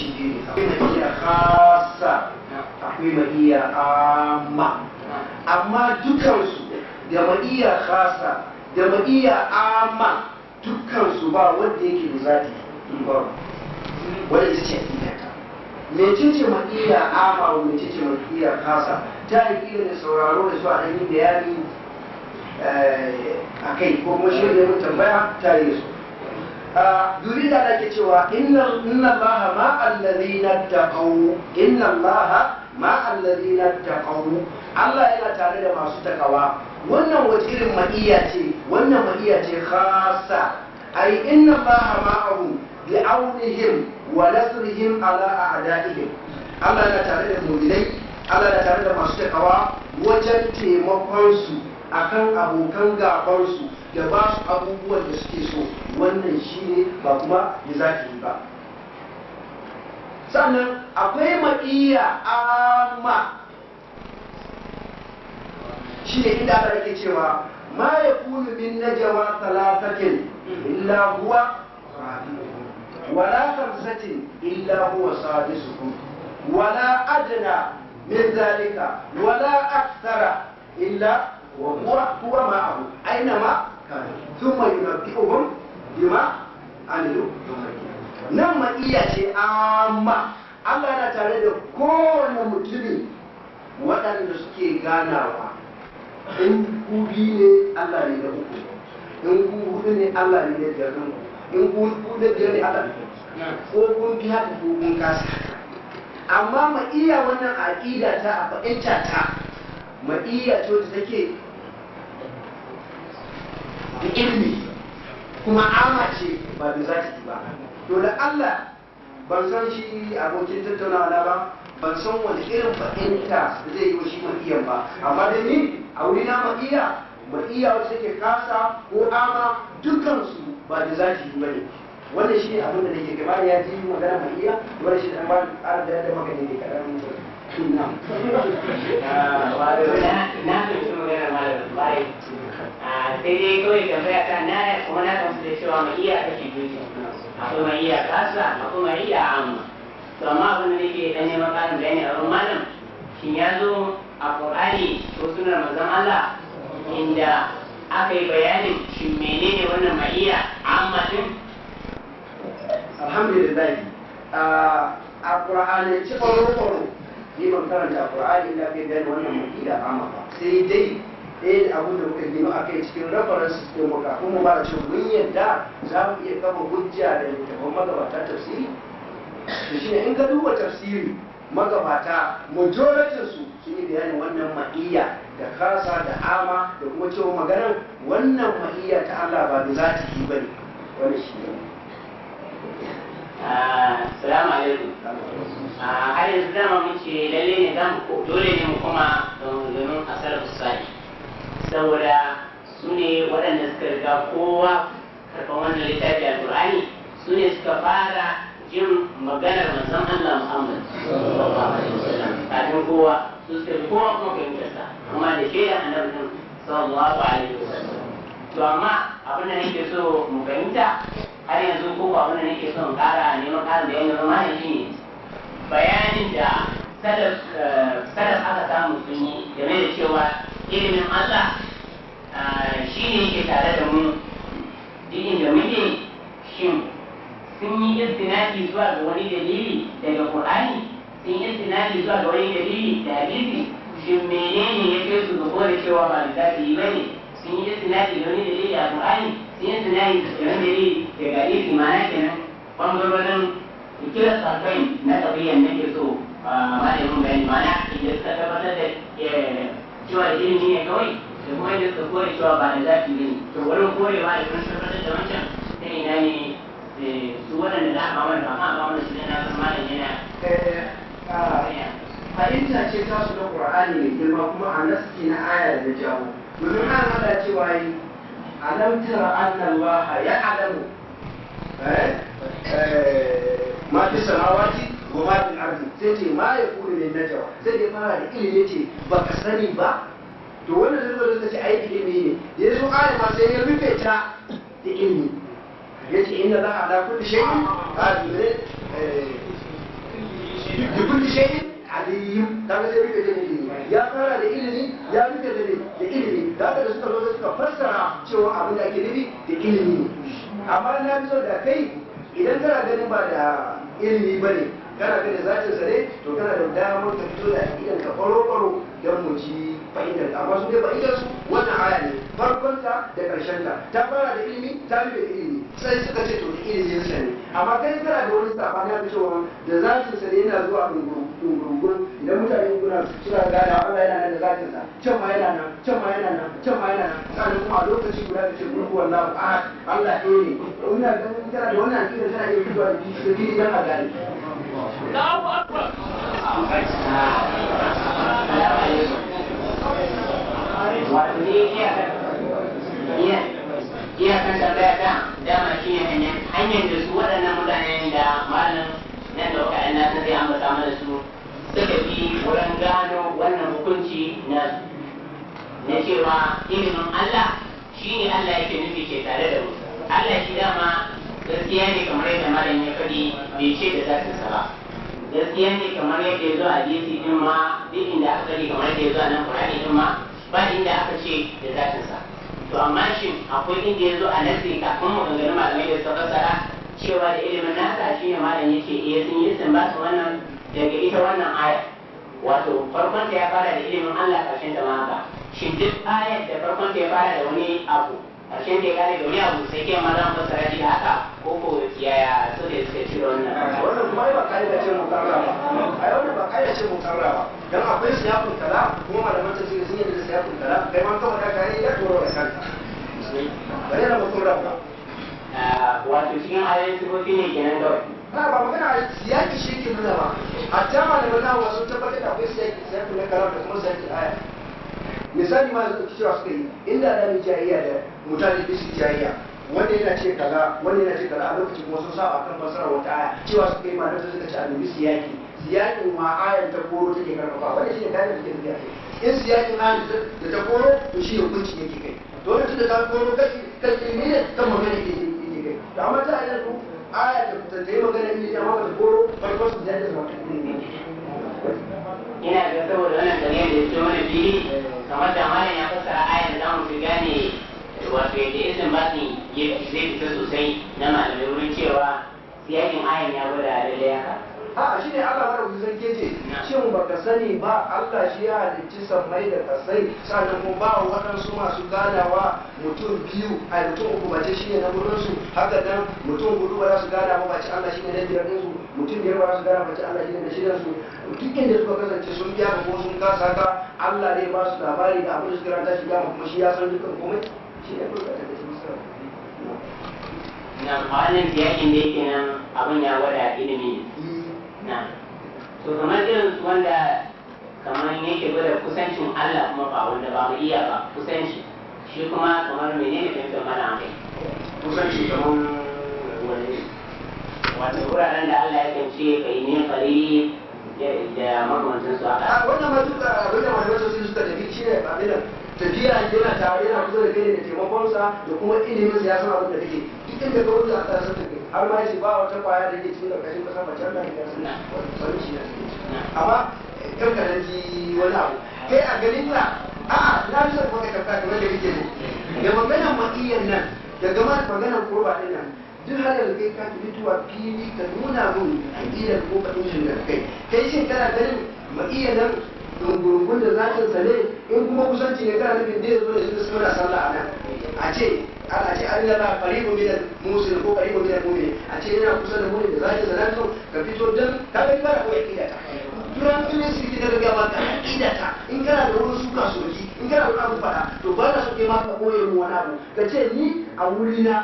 kashi ne akwai ma'iya khasa akwai ma'iya amma amma dukansu da ma'iya khasa da ma'iya amma dukansu ba wanda yake da zati ba wanda ita ce iyaka mecece ma'iya amma mecece ma'iya khasa ta yi kira da sauraro da su a ɗanyen bayani eh, a kai ko kuma shirin tambaya ta yi su Duri da ake cewa inna allaha ma allazina taqaw inna allaha ma allazina taqaw Allah yana tare da masu takawa wannan wace irin ce wannan ma'iya ce khassa ai inna allaha ma'ahu bi'aunihim wa nasrihim ala a'da'ihim Allah yana tare da mu'minai Allah yana tare da masu takawa wajen taimakon su akan abokan gaban su da ba su abubuwan da suke so wannan shi ne ba kuma ya ki yi ba sannan akwai ma'iya amma shi ne inda aka rike cewa ma ya kulu min najawa talatatin illa huwa wala kamsatin illa huwa sadisukum wala adana min zalika wala akthara illa huwa huwa ma'ahu aina ma ثم ينبئهم بما عملوا يوم القيامة نعم إياه عامة Allah na tare da kowane mutumi waɗanda suke ganawa in ku ne Allah ne na uku in ku ne Allah ne na biyar in ku hudu da ne Allah ne ko kun fi ko kun kasa amma ma iya wannan aƙida ta a faɗin ta ma iya ce wata take da ilmi kuma ama ce ba da zaki ba to da Allah ban san shi abokin tattaunawa na ba ban san wani irin fahimta da zai yi wa shi maƙiyan ba amma da ni a wuri na maƙiya maƙiya wasu ke kasa ko ama dukansu ba da zaki ba ne wannan shi abin da nake gaba ya ji magana maƙiya wani shi da ba ƙara da yadda maka ne ne kaɗan ah, na na da magana malam bai sai dai kawai tambaya ta na ya kuma na kamsu da cewa mai iya kashe biyu akwai mai iya kasa akwai mai iya amma to abin da a wurin malam ya zo a qur'ani ko sunar manzon Allah inda aka yi bayanin shin menene wannan mai iya amma din alhamdulillah a qur'ani ci ƙwarƙwaro ni ban karanta qur'ani da ke bayan wannan mai iya amma sai dai ɗaya eh, da abin da muka gino a kai cikin rafaran ɗin mu kuma ba da cewa mun yadda za mu iya kafa hujja da littafin magabata tafsiri to ne in ga duba tafsiri magabata majoratin su sun yi bayanin wannan ma'iyya da kasa da ama da kuma cewa maganar wannan ma'iyya ta Allah ba da za ta yi bane wani shi ne ah, Salamu alaikum. Ah, har yanzu dama muke lalle ne za mu dole ne mu koma domin asarar su sa'i. saboda su ne waɗanda suka riga kowa karɓar wannan littafi a alƙur'ani su ne suka fara jin maganar manzon Allah Muhammad sallallahu alaihi wasallam kafin kowa su suka fi kowa kuma fahimtarsa amma da shaida annabi sallallahu alaihi wasallam to amma abin da nake so mu fahimta har yanzu ko abin da nake so in ƙara neman ƙarin da yanzu ma shi ne bayanin da sadar eh, aka samu sun yi game da cewa ilimin Allah shi ne yake tare da mu duk da muke shin sun yi istinaki zuwa ga wani dalili daga Qur'ani sun yi istinaki zuwa ga wani dalili da hadisi shin menene ya kai su ga kore cewa ba littafi ba ne sun yi istinaki da wani dalili a Qur'ani sun yi istinaki da wani dalili daga hadisi ma'ana kenan bangarorin kira sakai na tabiyan ke so malamin bayani ma'ana idan suka tabbatar da eh, cewa da ilimi ne kawai da kuma yadda suka kore cewa ba da zafi ne to wurin korewa da kuma tabbatar da wancan ta ina ne su waɗanda da aka wani ba ma ba wani su ne na zama da yana fahimta ce ta su da ƙur'ani mai girma kuma a naski na aya da jawo domin an hada cewa yi alam tara annan laha ya alamu ma fi samawati wa ma fil ardi sai ce ma ya kula min sai fara da ilimi yace ba ka sani ba to wannan zai ai ilimi ne ya zo kare ma sai ya rufe ta da ilimi yace inna kulli shay'in qadir eh, kulli shay'in alim rufe ilimi ya fara da ilimi ya rufe da ilimi da da suka zo suka fassara cewa abin da ake nufi da ilimi amma na da kai idan kana ganin ba da ilimi bane kana da zatin sa ne to kana da damar ka fito da aqidan ka faro faro dan mu ji fa'idar amma su dai fa'idar su wannan aya ne farkon ta da karshen ta ta fara da ilimi ta rufe da ilimi sai suka ce to ilimi ne amma kai kana da wani sabani da cewa da zaki sare ne yana zuwa ɗunguru dungurungun idan mutane kuna suna gane Allah yana nan da sa can ma yana nan can ma yana nan can ma yana nan kuma a lokaci guda ka ah, Allah ne ina ganin da wannan akida da dan a gane Allahu akbar ne da shi ne hanyar da su waɗannan da malam yan da wa'ayan na sai an mana su suka fi wurin gano wannan hukunci na na cewa ilimin Allah shi ne Allah yake nufi ke tare da mu Allah shi dama gaskiya ne kamar yadda malam ya faɗi bai ce da zatin sa ba gaskiya ne kamar yadda ya zo a hadisi din ma duk inda aka faɗi kamar yadda ya zo a nan Qur'ani din ma ba inda aka ce da zatin sa to amma shin akwai inda ya zo a nasi kafin mu gangarin malamai da suka fassara cewa da ilimin nasa shi ne malam ya ce iya sun yi sun ba su wannan daga ita wannan aya wato farkon ta ya fara da ilimin Allah karshen ta ma haka shi duk ayar da farkon ta ya fara da wani abu karshen ta ya kare da wani abu sai ke ma zan fassara shi haka ko ko ya yaya su ne suka cire wannan wannan kuma ba kai da ce mutarra ba yau ne ba kai da ce mutarra ba dan akwai siyafin kala kuma malaman ta sun yi da siyafin kala kai ma kawai da kai ya turo da kanka bare na mutum rabba Eh, wato cikin ayoyin sifofi ne kenan kawai ba ba magana siyaki shi ke nuna ba hatta malaman nawa wasu tabbatar da akwai siyaki siyaki na karar da kuma siyaki aya misali ma da kuke cewa suka yi inda da ni jayayya da mutane bisu jayayya wanda yana ce kaza wanda yana ce kaza a lokacin kuma sun saba kan fasara wata aya cewa suka yi malamai suka ce annabi siyaki siyakin ma ayan ta koro take karfafa wanda shi ne kayan da take tafiya in siyakin ayan da ta koro to shi hukunci yake kai dole tunda ta koro kashi kashi ne kan magana ke yi to amma ta ayar ku aya da ta yi magana ne ita maka da goro farko su jaje su maka ina ga saboda wannan dalilin da ya ce mana fili kamar da malam ya fassara ayar za mu fi gane wato yadda isin batin zai fita sosai na malamai wurin cewa siyakin ayan ya gwada a ya haka a shi ne Allah mara sarki ce shin baka sani ba Allah shi ya halicci sammai da kasai sannan mu ba waɗansu masu gadawa mutum biyu a mutum uku mace shi ne na gurin su haka dan mutum hudu ba za su gada ba mace Allah shi ne na biyar su mutum biyar ba za su gada mace Allah shi ne na shidan su duk inda suka kasance sun biya ko sun kasa ka Allah ne ba su labari da abin su suka ranta shi ya kuma shi ya san dukkan komai shi ne kuka da shi na malam biyakin da yake nan abin ya wada ilimi na to kamar irin wanda kamar yake gwada kusancin Allah kuma ba wanda ba mu iya ba kusanci shi kuma kamar menene fahimtar mana kai kusanci kamar wani wato wuraren da Allah ya kance ka yi ne fari da makamantansu haka. Wannan matuƙa abin da malamai sun suka tafi shi ne abin tafiya yana tare yana kusa da kai ne da sa da kuma ilimin ya san abin da kake duk inda ka wuce a tsarsa da kai har ma shi ba wata kwaya da yake cikin ƙarƙashin kasa ba can da ya san wani shi na amma ɗan eh, ji wani abu kai a garin ka a na fi son ka tafi kamar da kake ne da maganar maƙiyan nan da gama maganar kurba ɗin nan duk yanzu kai ka fitowa fili ka nuna mun a aƙidar ko ka tushen da kai kai shi kana ganin maƙiyan nan dungurgun da zatin sa ne in kuma kusanci ne kana nufin dai zuwa da su sallah a nan a ce a ce an yana qaribu min al-muslim ko qaribu min al-mu'min a ce yana kusa da mu'min da zatin sa nan ka fito dan ka ga fara ko aqida ta duran in su ki daga gaba ka aqida ta in kana da wani suka soji in kana da abu fada to ba ka so ke ma ka koye mu wani abu ka ce ni a wurina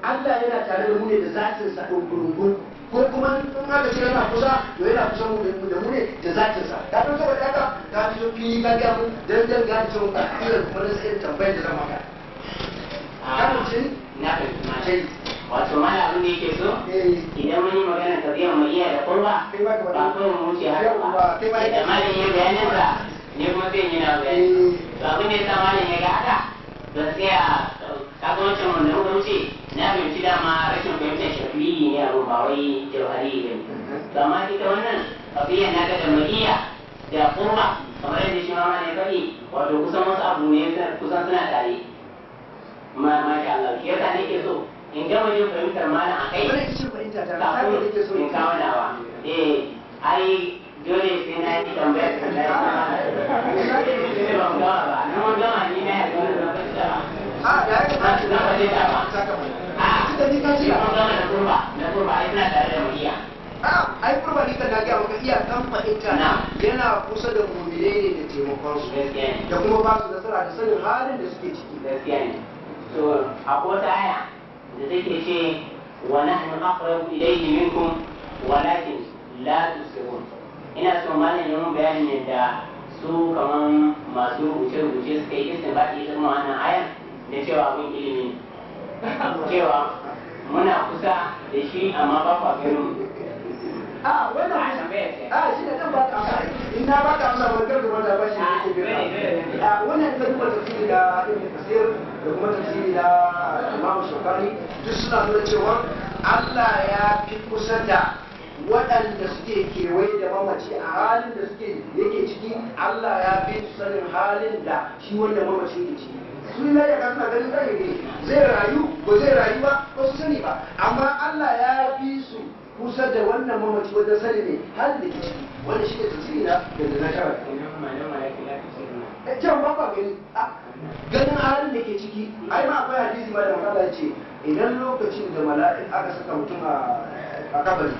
Allah yana tare da mu ne da zatin sa dungurgun ko kuma in aka shi yana kusa to yana kusa mu da mu ne da zakin sa da don saboda haka ta fi fi ga ga mu dan dan ga ta mu irin kuma da sai tambayar da zama ah, ka a mutum na da mace wato ma ya abin da yake so eh. idan mun yi magana ka biya mu iya da kurba ba ko mu wuce har ba da malin yin bayanin sa ne kuma zai yi na bayani ba eh. abin da ya sa malin ya ga haka to sai a kaga wancan wanda muka wuce na fahimci dama rashin fahimtar shafi'i ne abu ba wai jawhari ne mhm. to amma ita wannan kafiya na ga jama'iyya da kurma kamar yadda shi ma ne faɗi wato kusan wasu abu ne kusan suna tare ma ma sha Allah shi yasa nake so in gama yin fahimtar malam akai kafin in kawo nawa eh ai dole sai na yi tambayar ka da yawa na mun gama ni na yanzu na fassara a da ya ka na ba dai da ba a suka ji ka ci a mun gama na kurba na kurba ai ina tare da muriya a ai kurba ni kan nagi maka iya dan fahimta yana kusa da mu'mine ne da taimakon su da kuma ba su nasara da sanin halin da suke ciki gaskiya ne to a kota aya da take ce wa nahnu aqrabu ilayhi minkum walakin la tusirun ina so malam ya mun bayanin da su kaman masu rubuce-rubuce suka yi kisan ba ita kuma wannan ayan da cewa abin ilimi cewa muna kusa da shi amma ba kwa ganin a wannan a shi da zan baka amsa in na baka amsa ba kar ka bada bashi ne ke bi ah, a wannan da duba da ibn kasir da kuma tafsiri da imam shukari duk suna nuna cewa Allah ya fi kusa da waɗanda suke kewaye da mamaci a halin da suke yake ciki Allah ya fi su sanin halin da shi wanda mamaci ke ciki su ne da kansa ganin ɗan ne zai rayu ko zai rayu ba ba su sani ba amma Allah ya fi su kusa da wannan mamaci wajen sani ne halin da ke ciki wanda shi ne tasiri na da na shawar eh, Can ba ba gani ah, ganin halin da ke ciki ai ma akwai hadisi ma da ce idan lokacin da mala'ik aka saka mutum a a kabari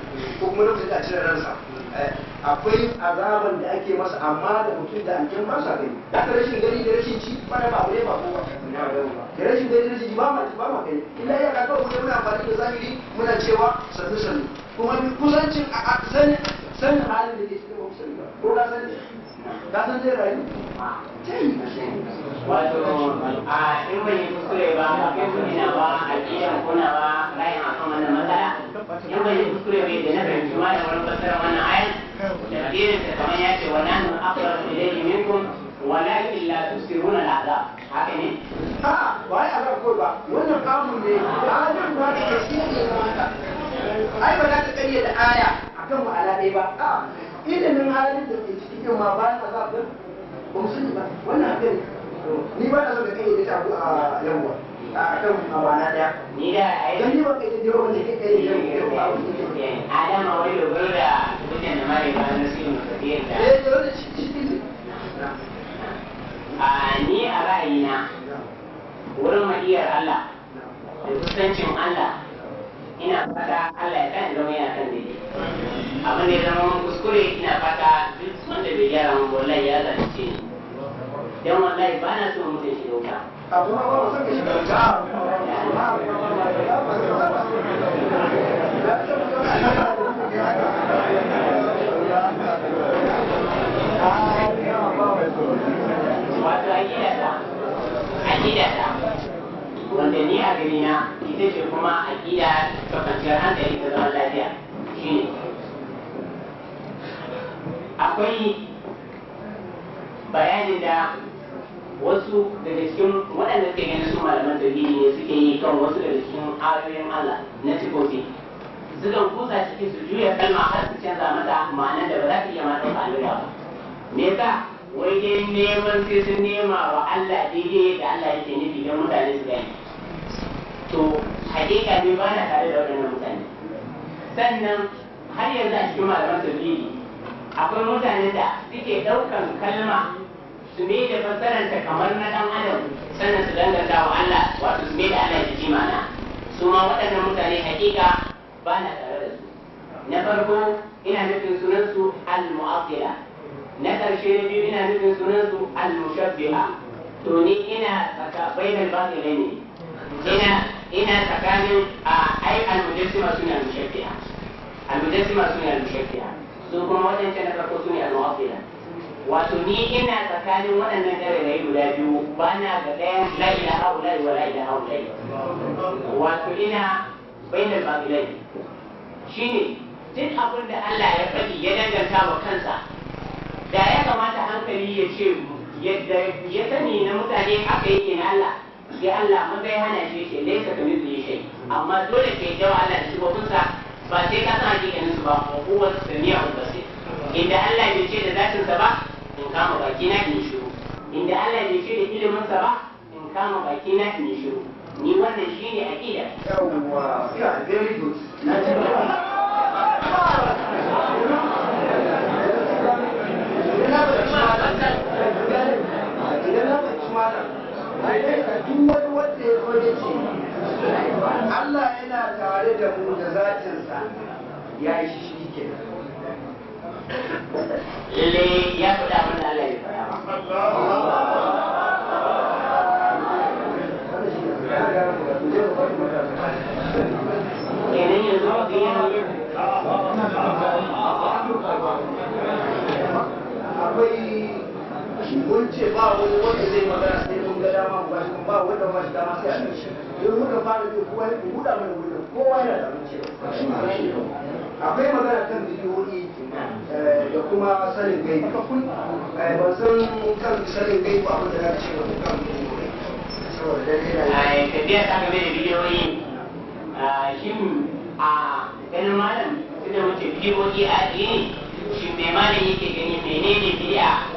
ko kuma lokacin da a cire ransa eh, akwai azaban da ake masa amma da mutum da aljan masa sa gani da ka rashin gani da rashin ci ba da ba wani ba ko ba da rashin gani da rashin ci ba ma ba ma gani illa ya ka kawai muna amfani da zahiri muna cewa sannu sannu kuma kusancin a sanin halin da ke cikin ba ko ka sani kasan zai rayu wato a in ban yi kuskure ba in kun yana ba a kiyan kuna ba rayin a kan wannan matsala in ban yi kuskure bai da na fahimci ma da wani fassara wannan ayan da kiyan sa kamar ya ce wa nanu aqrabu ilayhi minkum walakin la tusiruna al'adab haka ne ha wai a ko ba wannan kamun ne alim ba da shi ne ai ba za ta kariya da aya akan ba ala dai ba ilimin halin da ke cikin ma ba ta zaɓin ba mu sani ba wannan hakan ni ba na so da kai da shafu a yawwa a kan abana ɗaya ni da ai don ni ba kai da jiwa wanda ke kai eh, eh, eh, da yawwa adama wani dogaro da mutum da mare ba na sirri mu tafiyar da eh da wani shi shi a ni a ra'ayina wurin ma'iyar Allah da kusancin Allah ina fata Allah ya kan zama yana kan daidai abin da ya zama mun kuskure ina fata duk wanda bai gyara mun wallahi ya zance ni dan wallahi ba na so mutum shi dauka Wato a wanda ni a gani na ita ce kuma a gida ta kwanciyar hankali ta zama lafiya shi ne akwai bayanin da wasu daga cikin waɗanda suke gani su malaman dalili ne suke yi kan wasu daga cikin ayoyin Allah na sifofi sukan kusa ciki su juya kalma har su canza mata ma'anar da ba za ta iya ma ɗauka lura ba me yasa wai dai neman sai sun nema wa Allah daidai da Allah yake nufi don mutane su gani to hakika ne ba na tare da waɗannan mutane sannan har yanzu a cikin malaman tafsiri akwai mutane da suke ɗaukan kalma su ne da fassaranta kamar na ɗan adam sannan su danganta wa Allah wato su ne da Allah da mana su ma waɗannan mutane hakika ba na tare da su na farko ina nufin sunansu al-mu'attila na ƙarshe na biyu ina nufin sunansu al-mushabbiha to ni ina tsaka bainal batilai ne ina tsakanin a ai almujassima sune al-mushakkiya almujassima sune al-mushakkiya su kuma wadancan na farko suna al-mu'attila wato ni ina tsakanin waɗannan dare na guda biyu ba na ga ɗaya la ilaha ulai wa la ilaha ulai wato ina bainal babilai shine duk abin da Allah ya faɗi ya danganta wa kansa da ya kamata hankali ya ce yadda ya sani na mutane haka yake na Allah sai Allah mun bai hana shi yake laisa ka mithli shi amma dole ke jawo Allah da sifofinsa ba sai ka san hakikanin su ba ko huwa ba sai inda Allah bai ce da zatin sa ba in kama baki na in shiru inda Allah bai ce da ilimin sa ba in kama baki na in shiru ni wannan shine aqida yawwa ya very good na ji Thank you. duk wani wanda ya wani ce Allah yana tare da mu da zatinsa ya yi shi ke lalle ya faɗa da Allah mun ce ba wani wanda zai magana sai mun ga dama ba ba wanda ba shi dama sai a shi don muka fara kowa ya kowa yana da mun akwai magana kan eh, da kuma sanin eh, san kan sanin ba abin da ce wani kan saboda dai eh, ka biya ta game da bidiyoyi shin a ganin malam a mai malam yake gani menene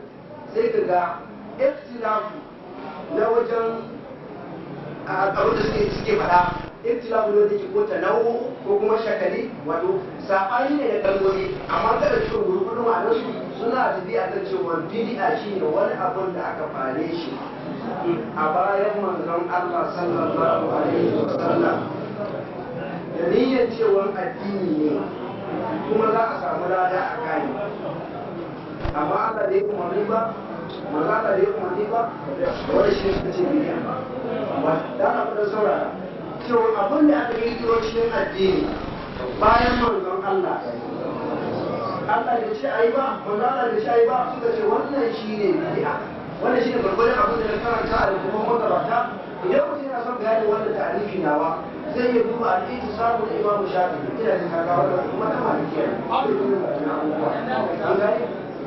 sai ka ga iftilafu na wajen a abin da suke suke faɗa iftilafu ne da ke kota nau'u ko kuma shakali wato saɓani ne na kalmomi amma kada cikin gurgudu ma'anarsu suna tafi a kan cewa bid'a shi ne wani abin da aka fare shi a bayan manzon Allah sallallahu alaihi wa sallam da niyyar cewa addini ne kuma za a samu lada a kai amma Allah da ya kuma ba maza da ya umarni ba wani shi suka ce bidiya ba da na kudin saurara to abin da aka yi kiro cikin addini bayan manzon Allah Allah da ce ayi ba maza Allah da ce ayi ba suka ce wannan shi ne bidiya wannan shi ne gwargwadon abin da na karanta a rukumar makarata idan mutum yana son bayanin wanda ta tarihi nawa zai iya duba al'isu samun imamu shafi ina da kakawa da kuma ta malikiya. Abu da kuma da na abubuwa.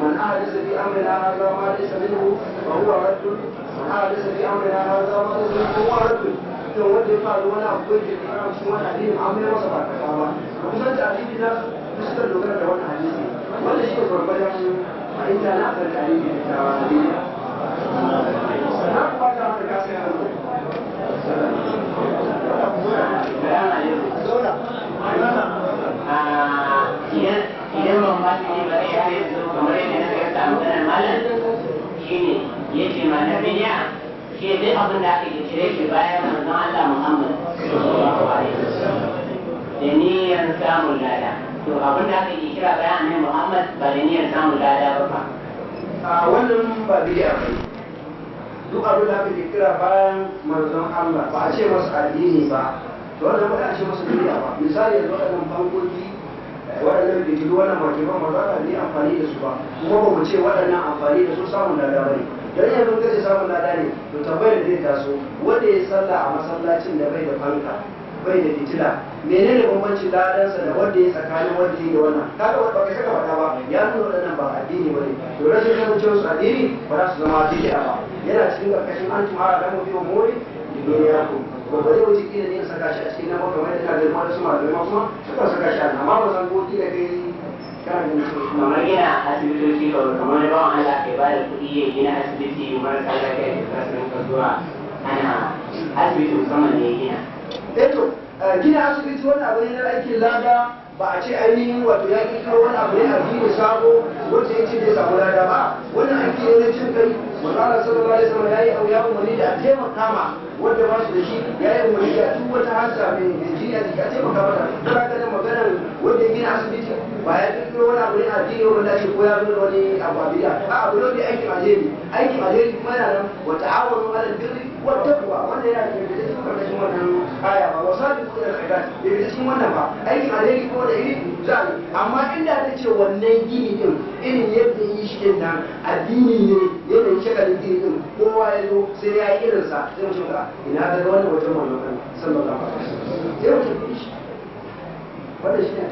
من حادث في أمرنا هذا ما ليس منه فهو رد من حادث في أمرنا هذا ما ليس منه فهو رد ثم ودي قال ولا قلت في الحرم سوى الحديث عمي وصفك ومن تعليم الناس مثل اللغة دون حديثي ولا شيء فرق لك فإن كان أخر تعليم في الحرم Yeah, he didn't want to be very happy. kamar yadda na karanta maganar malam shine ce ma na bidiya shi duk abin da aka cire shi bayan manzon Allah Muhammad da niyyar samun lada to abin da aka kirkira bayan annabi Muhammad ba da niyyar samun lada ba fa a wannan ba bidiya ba duk abin da aka kira bayan manzon Allah ba a ce masa addini ba to wannan ba a ce masa bidiya ba misali yanzu waɗannan bankoki waɗannan bidiyo wannan wajiban maza ka ne amfani da su ba kuma ba mu ce waɗannan amfani da su samun lada bane dan yanzu kace samun lada ne to tabbayar da zai taso wanda ya salla a masallacin da bai da fanka bai da fitila menene bambancin ladansa da wanda ya tsakanin wanda ya da wannan kaga ba ka saka faɗa ba ya nuna waɗannan ba addini bane to rashin kasancewar su addini ba za su zama bid'a ba yana cikin ƙarƙashin an tumara da mu biyo mori duniya ko gobe wuce kila ne saka shi a cikin nama kamar da kaga ma da su malamai ma kuma suka saka shi a nama ba san ko kila kai kana ganin su kamar gina asibitoci ba kamar ba Allah ke ba da kuɗi ya gina asibiti marasa lafiya da za su rinka zuwa ana asibiti musamman ne ya gina. Eto gina asibiti wani abu ne na lada ba a ce ainihin wato ya kawo wani abu ne a addini sabo wanda ya ce bai samu lada ba wannan addini na cin kai manzara sallallahu alaihi ya yi auya umarni da a taimaka ma wanda ba su da shi yayi umarni da tun wata hasa mai injiniya da ka taimaka mata don ka nan maganar wanda ya gina asibiti ba ya kawo wani abu ne yi wanda shi ko ya nuna wani abu a biya a abu ne da jeri aiki aikin jeri kuma yana nan wata awon alal birri والتقوى وانا يعني بيجي كل شيء وانا آية وصادق كل الخيرات بيجي شيء وانا ما أي عليه كل إيه زال أما إلا تجي والنجي دم إن يبدي يشكلنا الدين يبدي يشكل الدين دم هو يلو سريع إيرسا زوجنا إن هذا وانا وجمع لنا صلى الله عليه وسلم زوجنا إيش ولا شيء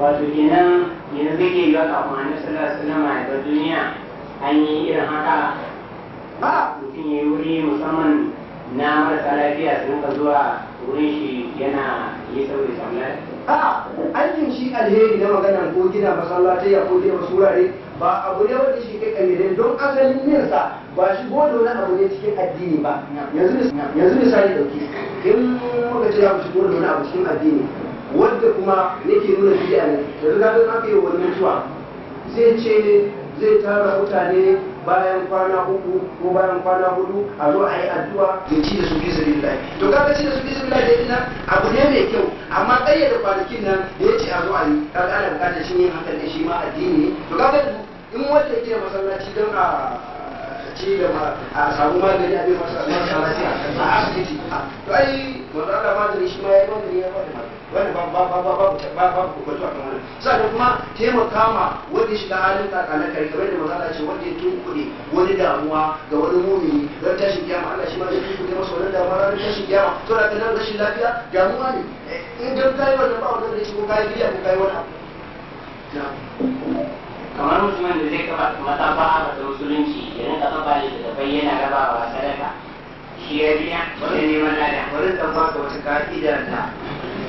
wato kenan yanzu ke ga kafin annabi sallallahu alaihi wasallam a duniya an yi irin haka ba mutum ya yi wuri musamman na marasa lafiya su ka zuwa wurin shi yana yi saboda samu a aikin shi alheri na maganar ko gina ya ko gina wasu wurare ba abu ne wanda shi kai kamilai don asalin yinsa ba shi godo na abu ne cikin addini ba yanzu sani dauki in muka ce yawon shi godo na abu cikin addini Wadda kuma nake nuna shi ne yanzu na don yi wani mutuwa zai ce zai tara mutane bayan kwana uku ko bayan kwana hudu a zo a yi addu'a ya ci da su fi to kaga ci da su fi sabilillah da ina abu ne mai kyau amma da kwanakin nan da ya ce a zo a yi kaga ana bukatar shi ne hankali shi ma addini ne to kaga in wanda ke masallaci don a kila a samu magani a bai marasa lafiya a asibiti A ai wanda Allah magani shi ma ya magani ya bada wanda ba ba ba ba ba ba ba ba kan wannan sannan kuma taimaka ma wanda shiga halin tsakanin kare kamar da maza ce wanda ya tunkuɗe wani damuwa ga wani mumini don tashin kiyama Allah shi ma zai tunkuɗe masa wani damuwa ranar tashin kiyama to da kanan rashin lafiya damuwa ne in don kai wannan ba wannan da shi ko kai biya ko kai wani abu kamar musulman da zai kafa a ga musulunci ya rinka kafa ne da bai yana rabawa sadaka shi ya biya wani neman lada wani tsamma ga wata ka'ida da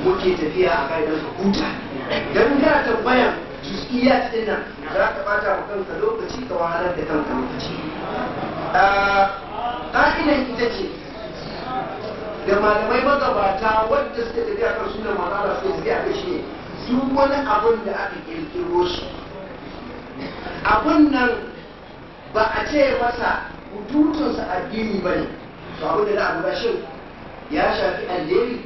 muke tafiya a kai da su huta don kana tambayan juz'iyya din nan za ka bata wa kanka lokaci ka wahalar da kanka lokaci ka'idan ita ce da malamai magabata wadda suka tafi a kan sunan mazala su tafi a kashe shi duk wani abun da aka kirkiro shi abun nan ba a ce masa hudutunsa addini ba ne to abin da abu a lura shin ya shafi alheri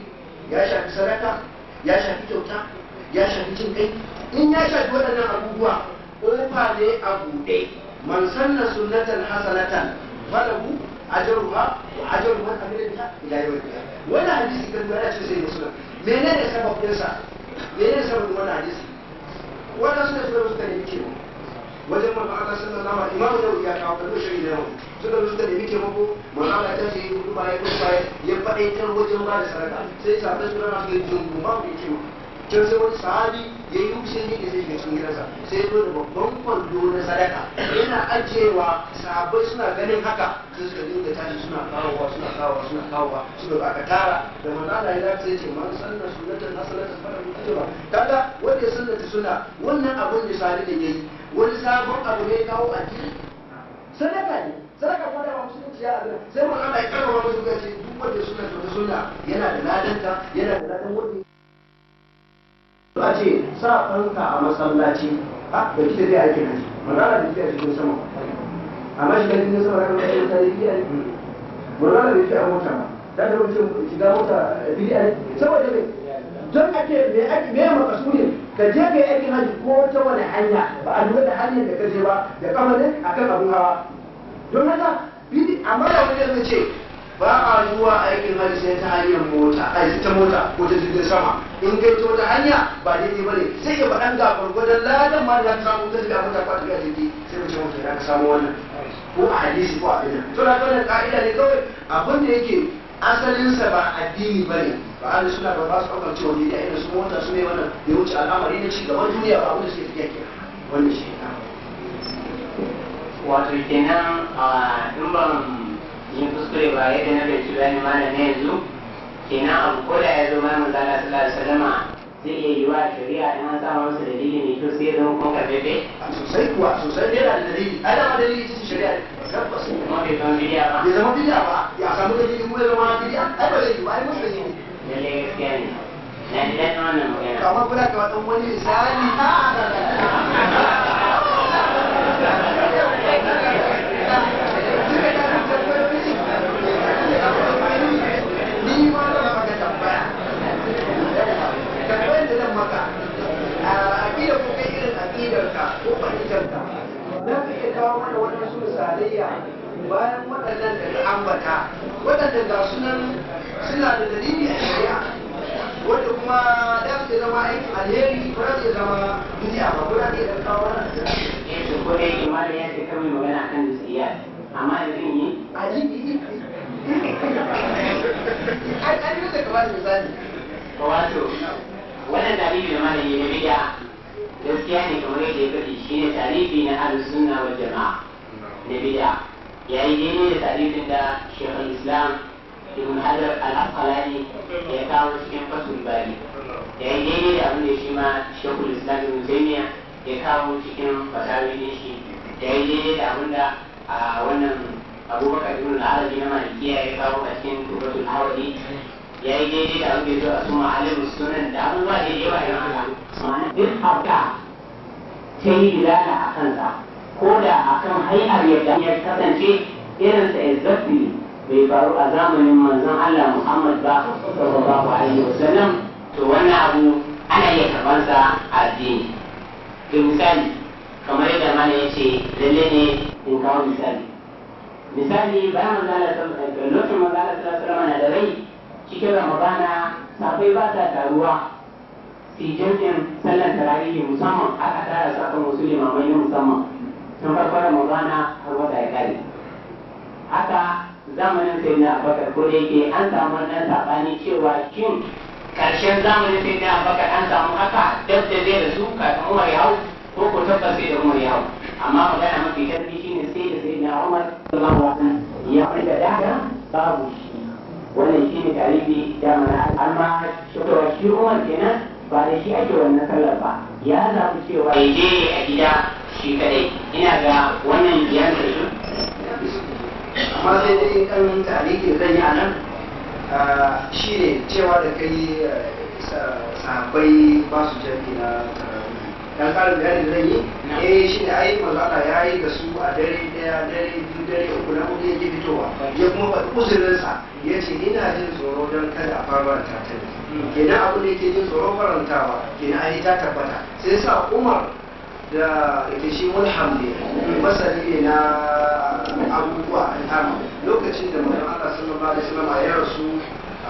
ya shafi sadaka ya shafi kyauta ya shafi cin kai in ya shafi waɗannan abubuwa ƙofa ne a buɗe man sanna sunnatan hasanatan falahu ajruha wa ajru man amilta ila yawm al-qiyamah wannan hadisi kan yana ce sai musulman menene sababin sa menene sababin wannan hadisi wannan suka suka suka ne cewa wajen manzo Allah sallallahu alaihi imamu da ya kawo kan shari da yawan suka zo suka nemi taimako manzo Allah ya ce ku ba ya ku ba ya faɗaitar wajen ba da sadaka sai sabbin sunan su yi jumbu ba ku ce can sai wani sahabi ya yi wuce ne da zai je cikin gidansa sai zo da babban kwando na sadaka yana ajiyewa sahabbai suna ganin haka sai suka dinga tashi suna kawowa suna kawowa suna kawowa suka ba ka tara da manzala ya dace ce man sanna sunnatan ta fara mutuwa kaga wanda ya sunnata suna wannan abun da sari da yi wani sabon abu ne kawo addini sadaka ne sadaka ko da musulunci ya azana sai mun ana karwa musulunci duk wanda suna da suna yana da ladanta yana da ladan wani ta sa fanka a masallaci a da kike zai ake haji manana da kike a cikin sama amma shi da cikin sama kan da ta yi biya manana da kike a mota ba da ta mutum shiga mota biya saboda me don ake me ake me makasudin ka je ka yi aikin haji ko ta wani hanya ba a lura da hanyar da ka je ba da kama kamalin akan abun hawa don haka bidi amma da wani yanzu ce ba a zuwa aikin hajji sai ta hanyar mota a ta mota ko ta jirgin sama in kai ta wata hanya ba daidai bane sai ya faɗan ga gwargwadon ladan ma da samu ta jirgin mota ko ta jirgin sai mu ce mutum ya samu wannan ko a hadisi ko a bina to na kawai ka'ida ne kawai abin da yake asalinsa ba addini ba ne ba an suna ba ba su ɗaukar cewa ne da irin su mota su ne wannan ya wuce al'amari na cigaban duniya ba su suke tafiya ke wannan shi wato kenan in ban yin kuskure ba yadda na bai ci bayanin malam na yanzu kenan abu ko da ya zo ma alaihi zai iya yiwa shari'a in an samu masa dalili ne to sai ya zama kuma karfafe sosai kuwa sosai yana da dalili ai da dalili cikin shari'a tabbas kuma bai zama bidiya ba bai zama bidiya ba ya samu dalili kuma ya zama bidiya ai ba zai yi ba ai musu dalili lalle gaskiya ne na ji daɗin wannan magana kamar kuna kamar ɗan wani misali kawo mana waɗansu misalaiya bayan waɗannan da ka ambata waɗanda ga sunan suna da dalili a shari'a wanda kuma da su zama aikin alheri ba za su zama duniya ba kawo eh, ko da yake ma da ya ce kawai magana kan siya amma da zan yi a yi an yi da kamar misali wato wannan dalili yi malaye ne gaskiya ne kamar yadda ya faɗi shi ne tarihi na ahlus sunna jama'a na bid'a yi daidai da tarihin da shekul islam ibn hajar al-asqalani ya kawo cikin fasul bari yi daidai da abin da shi ma shekul islam ibn taymiya ya kawo cikin fasawi ne shi yi daidai da abin da a wannan abubakar ibn al-arabi na malikiya ya kawo a cikin turatul hawali yi daidai da abin da ya zo a suma alimus sunan da abubuwa da yawa ya haka ma'ana duk abda ta yi ilana a kansa ko da a kan hai'ar yadda ya kasance irinsa exactly bai faru a zamanin manzon Allah Muhammad ba sallallahu alaihi wasallam to wannan abu ana iya sa a addini da misali kamar yadda mana ya ce lalle ne in kawo misali misali bayan manzala sallallahu alaihi wasallam na da rai cikin ramadana safai ba ta taruwa tijojin sallar tarawihi musamman aka tara su akan wasu limamai musamman sun farko ramadana har wata ya kare haka zamanin sai na abakar ko da yake an samu wannan sabani cewa shin karshen zamanin sai na abakar an samu haka dab da zai rasu kafin umar ya hau ko ko tabbas sai da umar ya hau amma magana mafi karfi shine sai da sai na umar sallallahu alaihi ya babu shi wannan amma shi umar kenan ba da shi ake wannan sallar ba ya zaɓi cewa ya je ne a gida shi kadai ina ga wannan ya da shi amma sai dai kan tarihi zan yi a nan shi ne cewa da kai eh, sahabbai ba su jami na dan karin bayani da zan yi eh shi ne ai mazala ya yi da su a dare daya dare biyu dare uku na hudu ya fitowa ya kuma ba uzurinsa ya ce ina jin tsoro don kada a fara tattali gina abu da ke jin tsoron farantawa kena ai ta tabbata sai sa umar da ke shi mulham ne masani ne na abubuwa al'ama lokacin da mutum Allah sallallahu alaihi wasallam ya rasu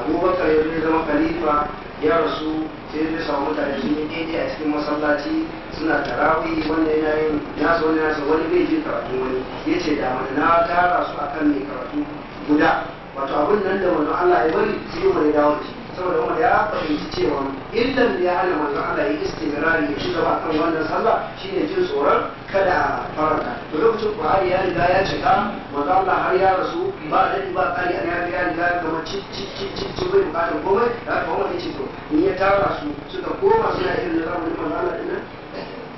abubakar ya zama khalifa ya rasu sai ya samu mutane sun yi daidai a cikin masallaci suna tarawi wanda yana yin nasa wani nasu wani bai ji karatu wani ya ce da na tara su akan mai karatu guda wato abin nan da wani Allah ya bari sai ya dawo da shi saboda wanda ya fahimci cewa illan da ya hana manzon Allah ya istimrari ya ba gaba kan wannan sallah shine jin tsoron kada farata to lokacin Buhari ya riga ya cika manzon Allah har ya rasu ba da ba kari an ya riga ya gama ci ci ci ci ci bai bukatar komai da aka wani ce to in ya tara su suka koma suna irin da zamanin manzon Allah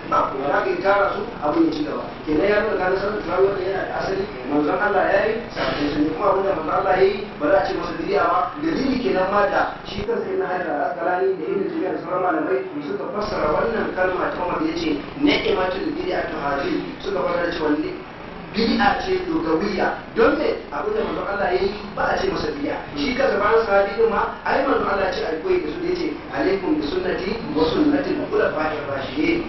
na kuma yi tara su ya kenan ya nuna yana da asali Allah ya kuma da Allah ya yi a ce masa bidiya ba dalili kenan ma da shi kansa da askalani da yin da malamai suka fassara wannan kalma ta wanda ya ce ni'imatul suka ce don me abin da Allah ba a ce masa bid'a shi ka zama sahabi din ma Allah ce da su yace alaikum bi sunnati wa sunnati al-khulafa'i shi rashidin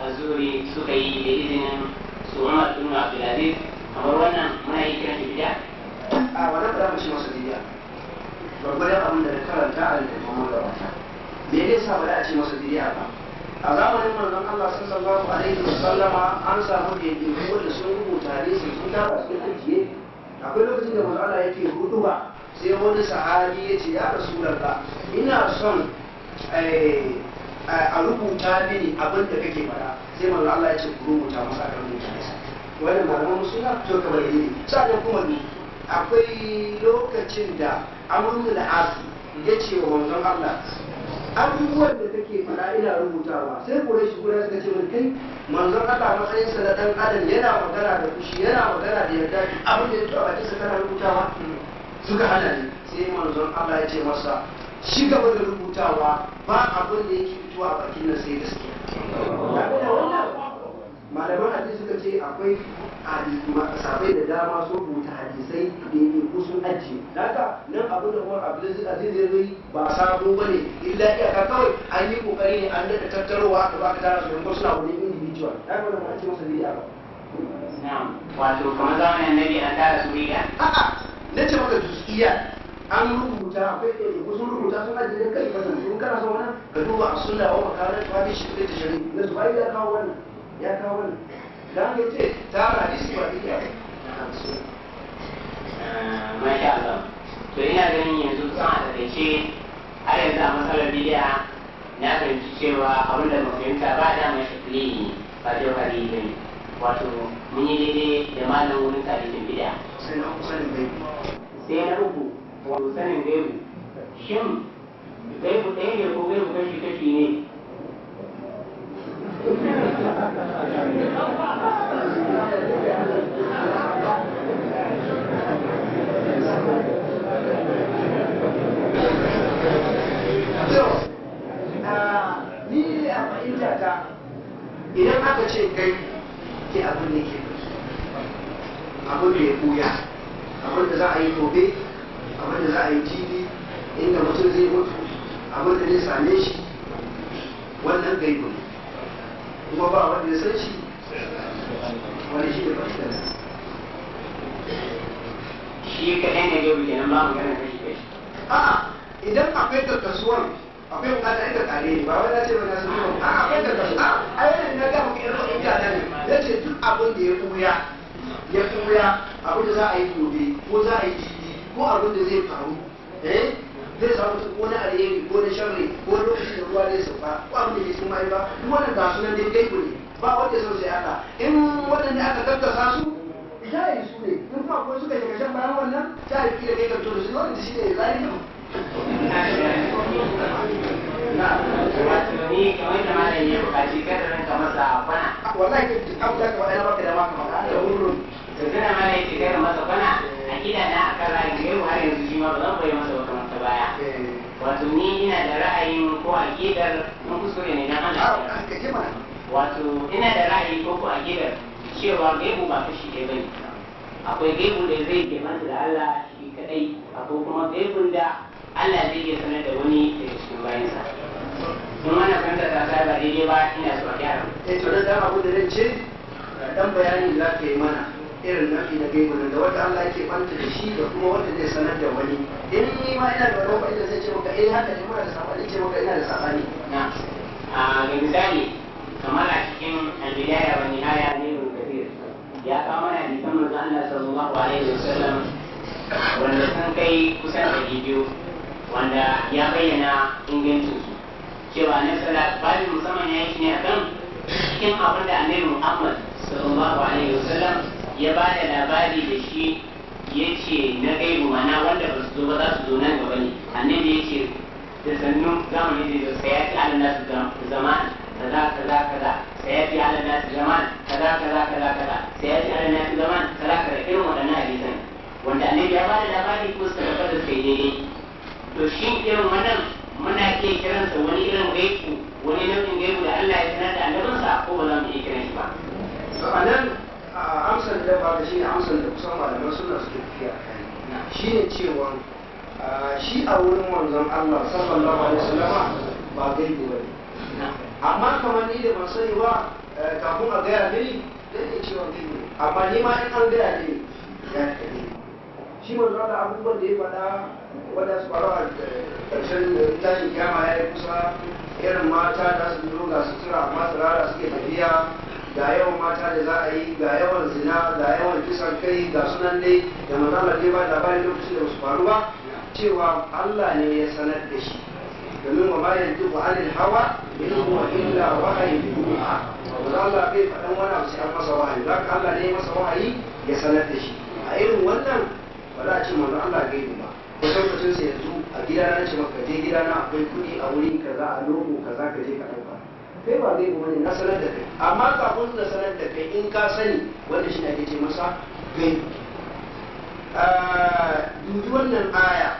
azuri suka yi da izinin su umar bin abdulaziz kamar wannan muna yi kiran bid'a a wannan da mu ce masa babbar gwargwadon abin da na karanta a littafin magabata me ne sa ba a ce masa bid'a ba a zamanin manzon Allah sallallahu alaihi wa sallama an samu da yake da sun rubuta hadisi sun tara sun ajiye akwai lokacin da manzon Allah hudu ba sai wani sahabi ya ce ya rasulullah ina son eh, a rubuta mini abin da kake fara sai manzo Allah ya ce ku rubuta masa akan rubuta masa wannan malaman musulma to kamar yi ne kuma akwai lokacin da da asu ya ce wa wanzan Allah abubuwan da kake fara ina rubutawa sai kure shi guda suka ce kai manzon Allah matsayinsa na dan adam yana magana da kushi yana magana da yarda abin da ya taba bakinsa kana rubutawa suka hana ne sai manzon Allah ya ce masa ci gaba da rubutawa ba abin da yake fitowa bakin nan sai gaskiya malaman hadisi suka ce akwai sabai da dama so rubuta hadisai da yake ko sun ajiye haka nan abin da da Abdulaziz Aziz zai yi ba sabo bane illa iyaka kawai an yi kokari ne an daɗa tattarowa aka baka tara su yankon suna wani individual daga da ba ce masa bid'a ba na'am wato kamar zamanin nabi an tara su riga a'a nace maka juz'iyya an rubuta akwai da eh, sun rubuta suna ajiye don kai kasan in kana son wannan ka duba a sunna wa makarar ta fi shirye ta shari'a na zuwa ya kawo wannan ya kawo wannan da an ce tara hadisi ba duk ya eh, masha Allah to ina ganin yanzu sun a takaice har yanzu a matsalar bidiya na fahimci cewa abin da mafahimta ba da mai shakli ne ba da kari ne wato mun yi daidai da malam wurin tarihin bidiya sai na kusa mai. Sai na uku wato sanin gaibu shin gaibu ɗaya ne ko gaibu kashi kashi ne ni a fahimta idan aka ce kai ke abin da ke abin da ya buya abin da za a yi gobe abin da za a yi jibi inda mutum zai mutu abin da zai same shi wannan gai ne kuma ba wanda ya san shi wani shi da fasikin shi kaɗai ne gaibu kenan ba magana ta shi kai a'a idan akwai karkasuwar akwai bukata ita kare ne ba wai na ce ba na yi a a'a akwai karkasuwa a yanayin na gama kai in jana ne na ce duk abin da ya kuya ya kuya abin da za a yi gobe ko za a yi jibi ko abin da zai faru eh zai samu su ko na alheri ko na sharri ko lokacin da ruwa zai sauka ko abin da sun mai ba duk wannan ga sunan dai kai ne ba wanda sun sai Allah in waɗanda aka karkasa su jayi su ne in kuma ko suka shiga shan bayan wannan jayi kila kai kan tolo su wanda shi ne zalimin ni kamar da malam ya bukaci kada ranka masa bana wallahi abu da ka faɗa maka da maka da wurin da kana malam ya ce kada masa bana aƙida na a kan ra'ayi har yanzu shi ma ba zan koyi masa ba kamar ta baya wato ni ina da ra'ayin ko gidar mun kusure ne dan Allah wato ina da ra'ayi ko ko a gidar cewa gaibu ba kashi ɗaya bane akwai gaibu da zai manta da Allah shi kadai akwai kuma gaibun da Allah zai iya sanar da wani daga cikin bayansa in mana kanta ta ta ba daidai ba ina so a gyara. Eh to da abu da zan ce dan bayanin da za yi mana irin nafi na gaibu nan da wata Allah yake kwanta da shi da kuma wata zai sanar da wani in ni ma ina da roƙon da zai ce maka eh haka ne muna da sabani ce maka ina da sabani na a ga misali kamar a cikin al-bidaya wa nihaya ne mun kabir ya kawo mana hadisan manzo Allah sallallahu alaihi wasallam wanda sun kai kusan da biyu wanda ya bayyana ingancin su cewa na salat babin musamman ya yi ne akan cikin abin da annabi Muhammad sallallahu alaihi wasallam ya ba da labari da shi ya ce na gaibu mana wanda ba su zo ba za su zo nan gaba ne annabi ya ce da sannu zamani da zo sai ya fi alin nasu zaman kaza kaza kaza sai ya fi alin nasu zaman kaza kaza kaza kaza sai ya fi alin nasu zaman kaza kaza irin waɗannan hadisan wanda annabi ya ba da labari ko su rafa da sai daidai to shi irin wannan muna ke kiransa wani irin gaibu wani nau'in gaibu da Allah ya sanar da annabinsa ko ba za mu iya kiran shi ba. amsar da ba shi ne amsar da kusan malamai suna suke tafiya shi ne cewa shi a wurin wanzan Allah sallallahu alaihi wasallam ba gaibu ba ne amma kamar ni da ban sani ba eh, kafin a gaya mini zan iya cewa ne amma ni ma in an gaya ne ya ne shi manzon Allah abubuwan da ya faɗa wanda su faru a ƙarshen tashin kyama ya yi kusa irin mata da su duro ga sutura amma tsirara suke tafiya ga yawan mata da za a yi ga yawan zina ga yawan kisan kai ga sunan dai da mazala dai ba labarin lokacin da su faru ba cewa Allah ne ya sanar da shi domin wa ma yanzu ba anil hawa in huwa illa wahayi yuha wanda Allah bai faɗan wani abu sai an masa wahayi za ka Allah ne ya masa wahayi ya sanar da shi a irin wannan ba za a ce manzo Allah gaibu ba lokacin sa yanzu a gidana ce maka je gidana akwai kuɗi a wurin kaza a loko kaza ka je ka ɗauka kai ba zai gobe na sanar da kai amma kafin na sanar da kai in ka sani wanda shi ake ce masa gai ah, dubi wannan aya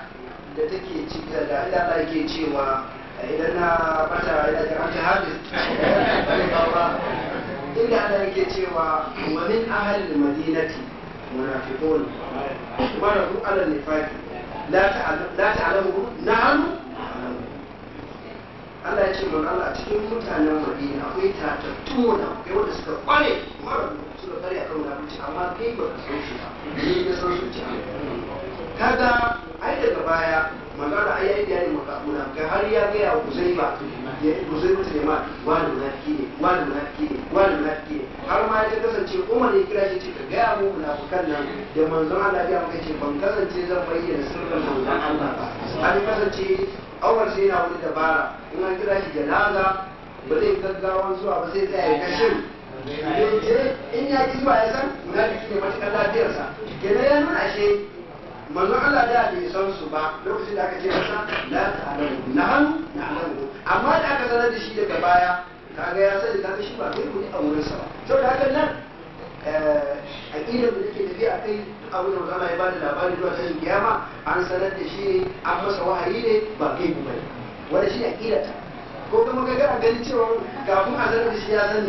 da take cikin da Allah yake cewa idan na bata da ta hadis inda Allah yake cewa wa min ahli madinati munafiqun wa la yu'alanu nifaqi la ta'lamu na'am Allah ya ce mun Allah a cikin mutanen Madina akwai tatattu mun akwai wanda suka kware mara suka kware akan abinci amma kai ba ka san shi ba ni ka san su ce kaga ai daga baya magana ai ai yayi maka ga har ya ga ya ba ya Uzaiba ta ma wani munafiki ne wani munafiki ne wani munafiki ne har ma ya kasance Umar ya kira shi ce ka ga mu kan nan da manzon Allah ya maka ce ban kasance zan bayyana sirrin manzon Allah ba har kasance awar sai yana wani dabara in an kira shi janaza ba zai gaggawan zuwa ba sai tsaye ga shin in ya ki zuwa ya san guda da ke matuƙar lafiyarsa kenan ya nuna shi manzo Allah da bai san su ba lokacin da aka ce masa la ta'lamu na hannu na hannu amma da aka sanar da shi daga baya kaga ya sani kaga shi ba kai ne a wurinsa ba saboda haka nan aƙidar da take tafiya a kai abin da Allah ya ba da labari zuwa sanin kiyama an sanar da shi an masa wahayi ne ba kai kuma ne wani shi aƙidar ta ko kuma ga gara gani cewa kun a sanar da shi ya sani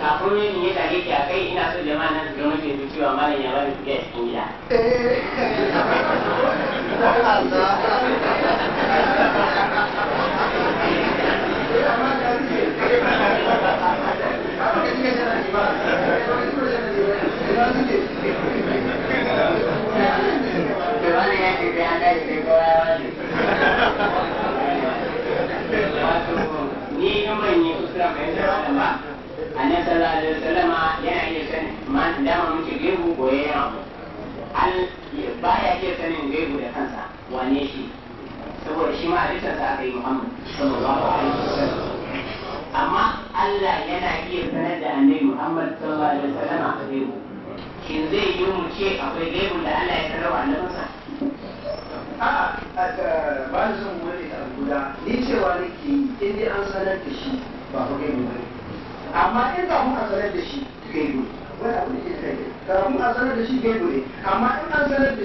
kafin yin tage ki a kai ina so jama'a cewa malam ya bani su cikin ni in ban yi kuskura da dama an baya iya sanin gebu da kansa wane shi saboda shi ma halittarsa aka yi muhammad sallallahu alaihi wasallam amma Allah yana iya sanar da annabi Muhammad sallallahu alaihi wasallam a mu shin zai yi mu ce akwai gaibu da Allah ya sanar wa annabinsa a ba zan wani da guda ni cewa nake in dai an sanar da shi ba ku gaibu ba amma in ba mu sanar da shi gaibu wani abu da ke sanar da shi gaibu ne amma in an sanar da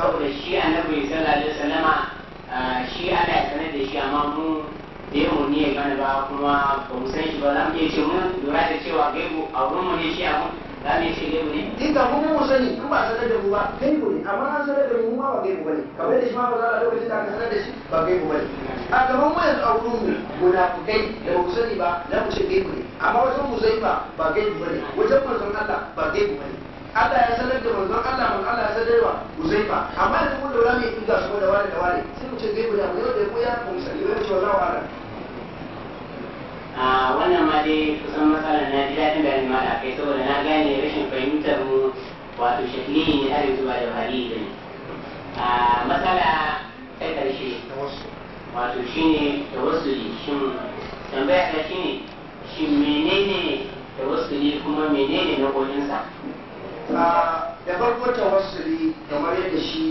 saboda shi annabi sallallahu alaihi wasallama shi ana sanar da shi amma mu bai mu ne gane ba kuma ba mu san shi ba za mu iya ce mun lura da cewa gaibu a wurin mu ne shi abu za mu ce ce gaibu ne ka kuma mu sani in ba sanar da mu ba gaibu ne amma an sanar da mu ma ba gaibu bane kamar da shi ma ba za a lokacin da aka sanar da shi ba gaibu bane a gaban mu yanzu a wurin mu munafukai da ba mu sani ba za mu ce gaibu ne amma wajen mu sani ba ba gaibu bane wajen manzon Allah ba gaibu bane Allah ya sanar da manzon Allah man Allah ya sanar wa Uzaifa amma da mun lura mai inda su da wani da wani sai mu ce zai mu da mu da mu ya mu sani wani ce wallahi wala a wannan ma dai kusan matsalar na ji daɗin da ma da kai saboda na gane rashin fahimtar mu wato shakli ne har yanzu ba da hali ne a matsala ta ƙarshe wato shine tawassuli shin tambaya ta shine shin menene tawassuli kuma menene na sa. da farko wasuri kamar yadda shi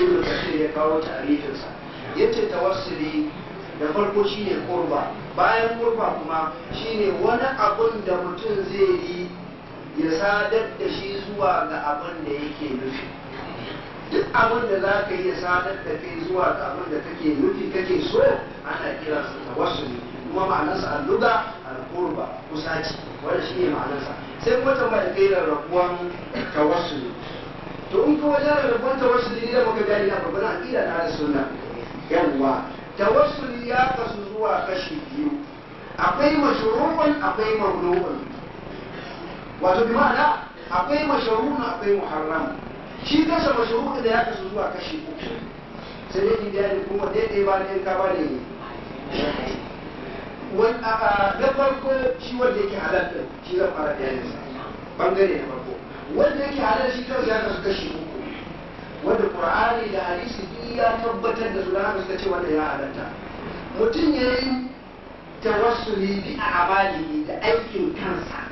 ibn kashir ya kawo tarihinsa yace tawassuli da farko shine kurba bayan kurba kuma shine wani abun da mutum zai yi ya sadar da shi zuwa ga abin da yake nufi duk abin da za ka yi ya sadar da kai zuwa ga abin da kake nufi kake so ana kiransa tawassuli kuma ma'anarsa alluga kurba kusaci wanda shi ne ma'anarsa sai kuma mai kai rabuwan tawassuli to in ka wajen rabuwan tawassuli ne da muka gani na babban aƙida na suna yawwa tawassuli ya kasu zuwa kashi biyu akwai mashuruwan akwai mamnu'un wato bi ma'ana akwai mashuruwan akwai muharram shi kasa mashuruwan da ya kasu zuwa kashi uku sai dai in da kuma daidai ba ne ka ba ne na farko shi wanda yake halal din shi zan fara yanzu bangare na farko wanda yake halal shi kawai ya kasu kashi uku wanda qur'ani da hadisi duk ya tabbatar da su haka suka ce wanda ya halalta mutum ya yi tawassuli bi a'malihi da aikin kansa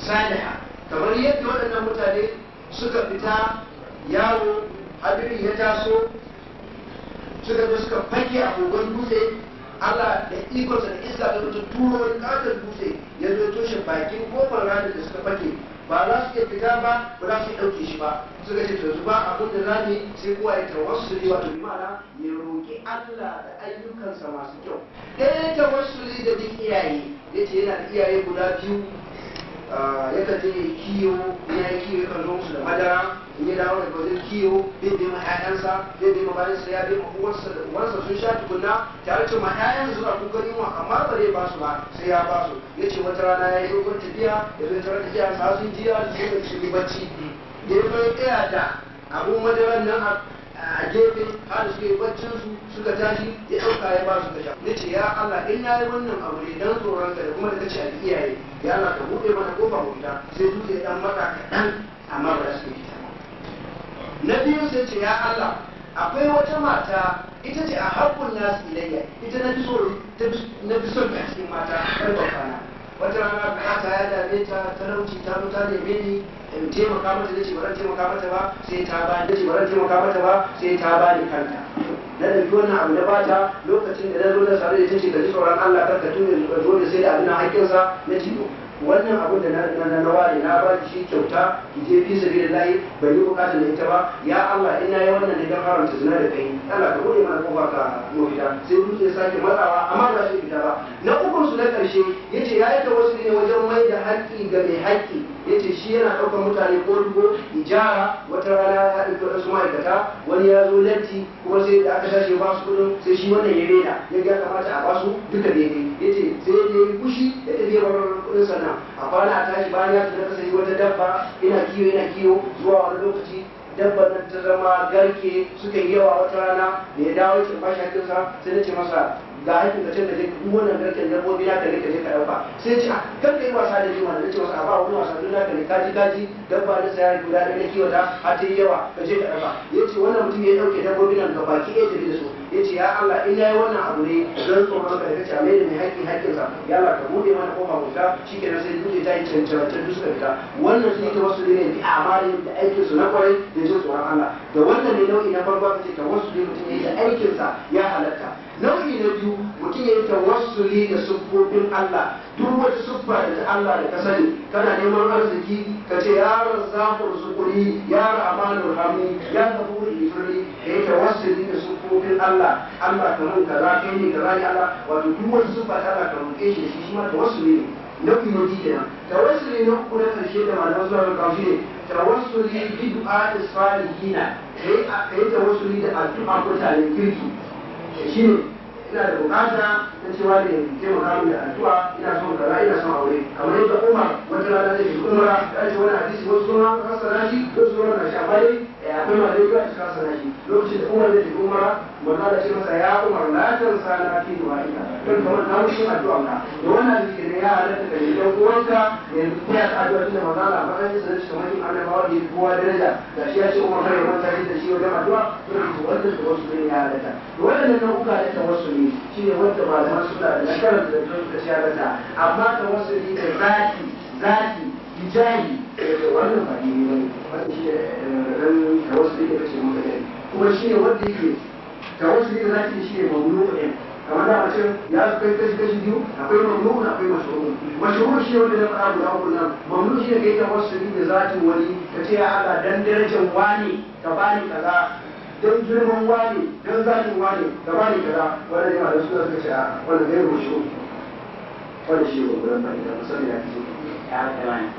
saliha kamar yadda waɗannan mutane suka fita yaro hadirin ya taso suka zo suka fage a kogon dutse Allah da ikonsa da iska da mutum turo wani katon dutse ya zo toshe bakin kofar rami da suka fake ba za su iya fita ba ba za su iya ɗauke shi ba su ga ce zuba ba abin da za mu sai kowa ya tawassuli wato bi ya roƙi Allah da ayyukansa masu kyau ɗaya tawassuli da duk iyaye ya ce yana da iyaye guda biyu Ah, ta je kiyo ya yi kiyo yakan zo musu da madara in yi dawo da wajen kiyo zai bi ma ƴaƴansa zai bi bayansa ya bi ma uwarsa da uwarsa sun sha tukunna tare cewa ƴaƴansa suna kokarin wa amma ba zai ba ba sai ya basu su ya ce wata rana ya yi dogon tafiya ya zo tara tafiya sa sun jiya su zo da cikin bacci da ya fara da abun madaran nan a gefe har suke baccin su suka tashi ya ɗauka ya ba su ka sha nace ya Allah in na yi wannan abu ne dan tsoron ka da kuma da kace a iyaye ya Allah ka buɗe mana kofa mu fita sai dutse dan mata kaɗan amma ba su fita na biyu sai ce ya Allah akwai wata mata ita ce a haƙƙun nasu ilayya ita na fi so ta fi son ta cikin mata karfafa na wata rana bukata ya dame ta talauci ta zo ta neme ni in taimaka mata nace ba taimaka mata ba sai ta ba da shi ba taimaka mata ba sai ta ba ni kanta na fi wannan abu da bata lokacin da na zo na sare da tace da ji tsoron Allah kar ka da ka zo da sai da abin haƙƙinsa na jibo wannan abu da na na ware na ba shi kyauta ki je fi sabi da layi bai yi bukatar da ita ba ya Allah ina yi wannan ne don haramta zina da kai Allah ka gode mana kofa ka mafita sai mutu ya sake matsawa amma ba shi fita ba na ukun su na karshe yace ya aika wasu ne wajen mai da haƙƙi ga mai haƙƙi Yace shi yana ɗaukar mutane ko dubo ijara wata rana ya da waɗansu ma'aikata wani ya zo latti kuma sai da aka tashi ba su kuɗin sai shi wannan ya rena ya ga kamata a basu duka daidai ya ce sai da ya yi fushi ya tafi ba kuɗin sannan a kwana a tashi bayan ya tafi kasa yi wata dabba ina kiyo ina kiyo zuwa wani lokaci dabbar nan ta zama garke suka yi yawa wata rana da ya dawo ya ce ba sai na ce masa ga aikin ka ce ka je duk wannan garken bobi ya kare ka ka dauka sai ce a ah, kan kai wasa da jima da ce wasa ba wani wasa duk ka ne kaji kaji dabba da sai guda da ne kiwata a ta yi yawa ka je ka dauka yace wannan mutum ya dauke bobi nan gaba ki ya tafi da su yace ya Allah in ya yi wannan abu ne don tsoron ka kace a mai mai haƙƙi sa ya Allah ka bude mana kofa guda na sai duk ta yi cancanta duk suka fita wannan shi ke wasu ne bi amalin da aikin su na kwarai da jin tsoron Allah da wannan ne nau'i na farko kace ka wasu ne mutum ya yi aikin sa ya halatta nau'i na biyu mutum ya wasu tawassuli da siffofin Allah duk wata siffa da Allah da ka sani kana neman arziki ka ce ya razzaqur zukuri ya rahmanur rahim ya ghafur ifri ka yi tawassuli da siffofin Allah Allah ka mun kaza kai ne kaza ne Allah wato duk wata siffa ta Allah ka roƙe shi shi ma ta wasu ne na kuyoji kenan ta wasu uku na karshe da malaman zuwa ga kawo wasu tawassuli bi du'a da salihina kai ta wasu tawassuli da addu'a mutanen kirki ne. ina da bukata ta cewa da yanzu taimaka min da addu'a ina son kaza ina son aure kamar yadda umar wata rana zai shi umra ya ce wani hadisi wasu suna kasara shi wasu suna na shafari Eh, akwai ma zai zuwa cika sana shi lokacin da umar zai tafi umara manzo da ce masa ya umar na la tansa na fi du'aika kan kamar na mushi addu'a ka da wannan zikirin ya halatta ka dan uwanka ya yi addu'a tunda manzo Allah ba kan sa shi kamar annabawa ne kowa daraja da shi ya ce umar kai wanda shi da shi wajen addu'a to wannan da wasu ne ya halatta da wannan nan uka da wasu ne shine wanda ba zama suna da na karanta da ta shi halatta amma ta wasu tawassuli da zaki zaki hijabi eh, wannan ba ne ba wanda shi eh, ran tawassuli da kace muka dai kuma shi ne wanda yake tawassuli da zaki shi ne mamnu ɗin kamar da mace ya kai kashi kashi biyu akwai na akwai mashhur mashhur shi wanda na faɗa guda uku nan mamnu shi ne kai tawassuli da zatin wani ka ce ya haka dan darajar wani ka bani kaza don girman wani don zatin wani ka bani kaza wanda ne ma malamai suna suka ce a wannan gairu shi wanda shi ne wannan ba ne da musamman ya ce kafin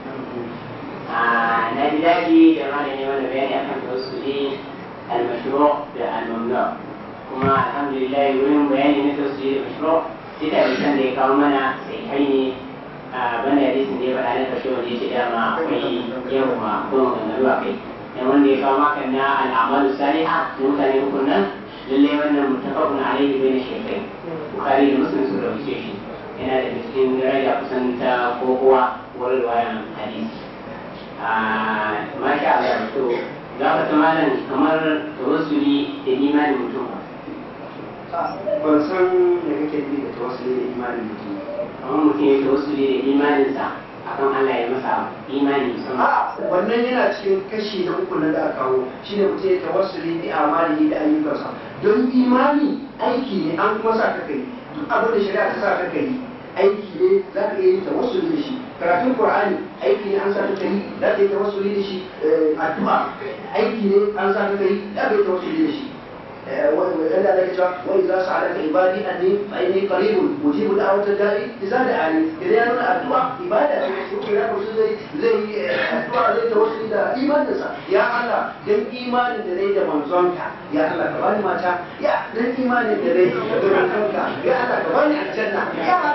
na ji daɗi da malam ya mana bayani akan tawassuli al-mashru' da al-mamnu' kuma alhamdulillah wurin bayani na tawassuli da mashru' duka hadisan da ya kawo mana sahihai ne a bana hadisin da ya faɗa na karshe wanda ya ce dama akwai yau ma ko maganganu a kai dan wanda ya kawo maka na al'amalu saliha da mutane hukun nan lallai wannan mutafakun alaihi bai na shekai bukari da muslim su dauke shi yana da cikin daraja kusan ta kokowa wani ruwayan hadisi masha Allah to za ka ta malam kamar tawassuli da imanin mutum ban san da kake bi da tawassuli da imanin mutum kamar mutum ya tawassuli da imaninsa akan Allah ya masa imani sama. wannan yana cikin kashi na uku na da aka kawo shine mutum ya tawassuli bi amali da ayyukansa don imani aiki ne an kuma sa ka kai duk abin da shari'a ta sa ka kai aiki ne za ka iya yin tawassuli da shi karatun qur'ani aiki ne an sa ka yi za ka yi tawassuli da shi addu'a aiki ne an sa ka yi za ka yi tawassuli da shi wanda da cewa wani za su halaka ibadi a ne a ne karibun mujibu da awata jari isa da ari idan ya nuna addu'a ibada ce su ke rafa su zai zai yi addu'a zai ta wasu da imaninsa ya Allah dan imanin da zai da manzonka ya Allah ka bani mata ya dan imanin da zai da manzonka ya Allah ka bani aljanna ya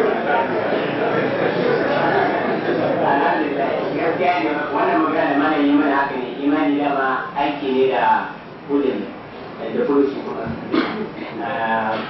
wannan magana mana yi mana haka ne imani dama aiki ne da kudin da furuci kuma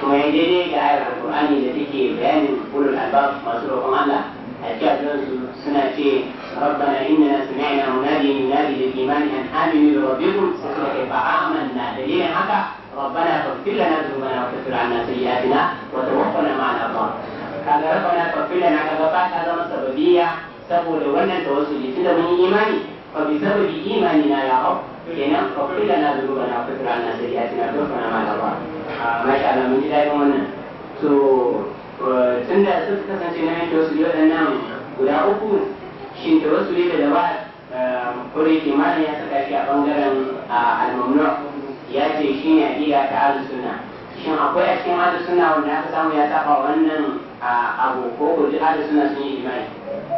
kuma ya daidai ga ayar alƙur'ani da take bayanin ulul albab masu roƙon Allah a cikin su suna ce rabbana innana sami'na munadi yunadi lil imani an aminu bi rabbikum fa amanna dalilin haka ربنا فاغفر لنا ذنوبنا وكفر عنا سيئاتنا وتوفنا مع الابرار Ka ga kaga rabbana fafila na kaga ba ta zama sababiyya saboda wannan wasu tawassuli tunda mun yi imani fa bi sababi imani na ya hau kenan fafila na zuruba na fitra na shari'atina dukkan ma da ba ah, masha Allah mun ji daɗin wannan so eh, tunda suka kasance na yin tawassuli waɗannan guda uku shi wasu tawassuli da eh, da ba kuri kimanin ya saka shi a bangaren ah, al-mamnu ya ce shine aqida ta ahlus sunna shin akwai a cikin ahlus sunna wanda aka samu ya saba wannan A abu ko ko jihadi suna sun yi imani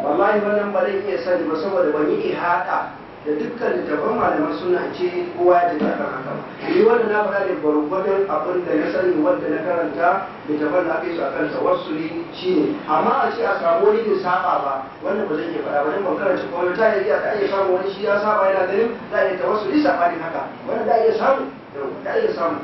wallahi wannan ba zan iya sani ba saboda ban yi ihata da dukkan littafan malaman suna ce kowa ya tafi akan haka ni wanda na faɗa ne gwargwadon abin da na sani wanda na karanta littafan na ake su a kansa wasu ne shi ne amma a ce a samu wani ne saba ba wannan ba zan iya faɗa ba dan ban karanta kuma ta yi a ta iya samu wani shi ya saba yana ganin za a iya tawassuli sabanin haka wannan za a iya samu za a iya samu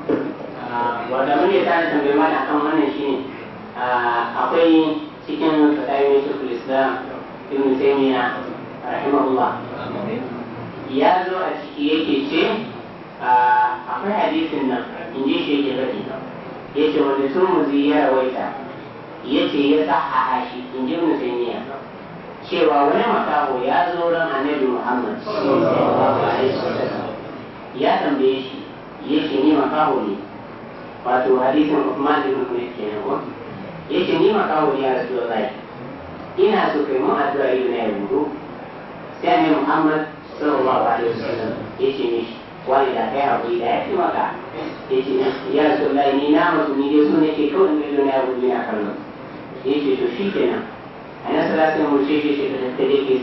ah, wanda mun yi tare tambayi ma da akan wannan shi ne akwai cikin fadayin shekul islam ibn taymiya rahimahullah ya zo a ciki yake ce akwai hadisin nan in ji shi yake gaji, ya ce wanda sun muzi ya rawaita ya ce ya sa a hashi in ji ibn taymiya cewa wani makaho ya zo ran annabi muhammad ya tambaye shi ya ce ni makaho ne wato hadisin Uthman ibn Affan kenan ya ce ni ma kawo ya rasu da ina so kai mun addu'a ido na yanzu sai ne muhammad sallallahu alaihi wasallam ya ce ne wani da kai haƙuri da ya fi maka ya ce ya rasu da ni na mutu ni dai so nake kawai mai ido na yanzu na kallon ya ce to shi kenan a nan salatin mu ce ce ta da ke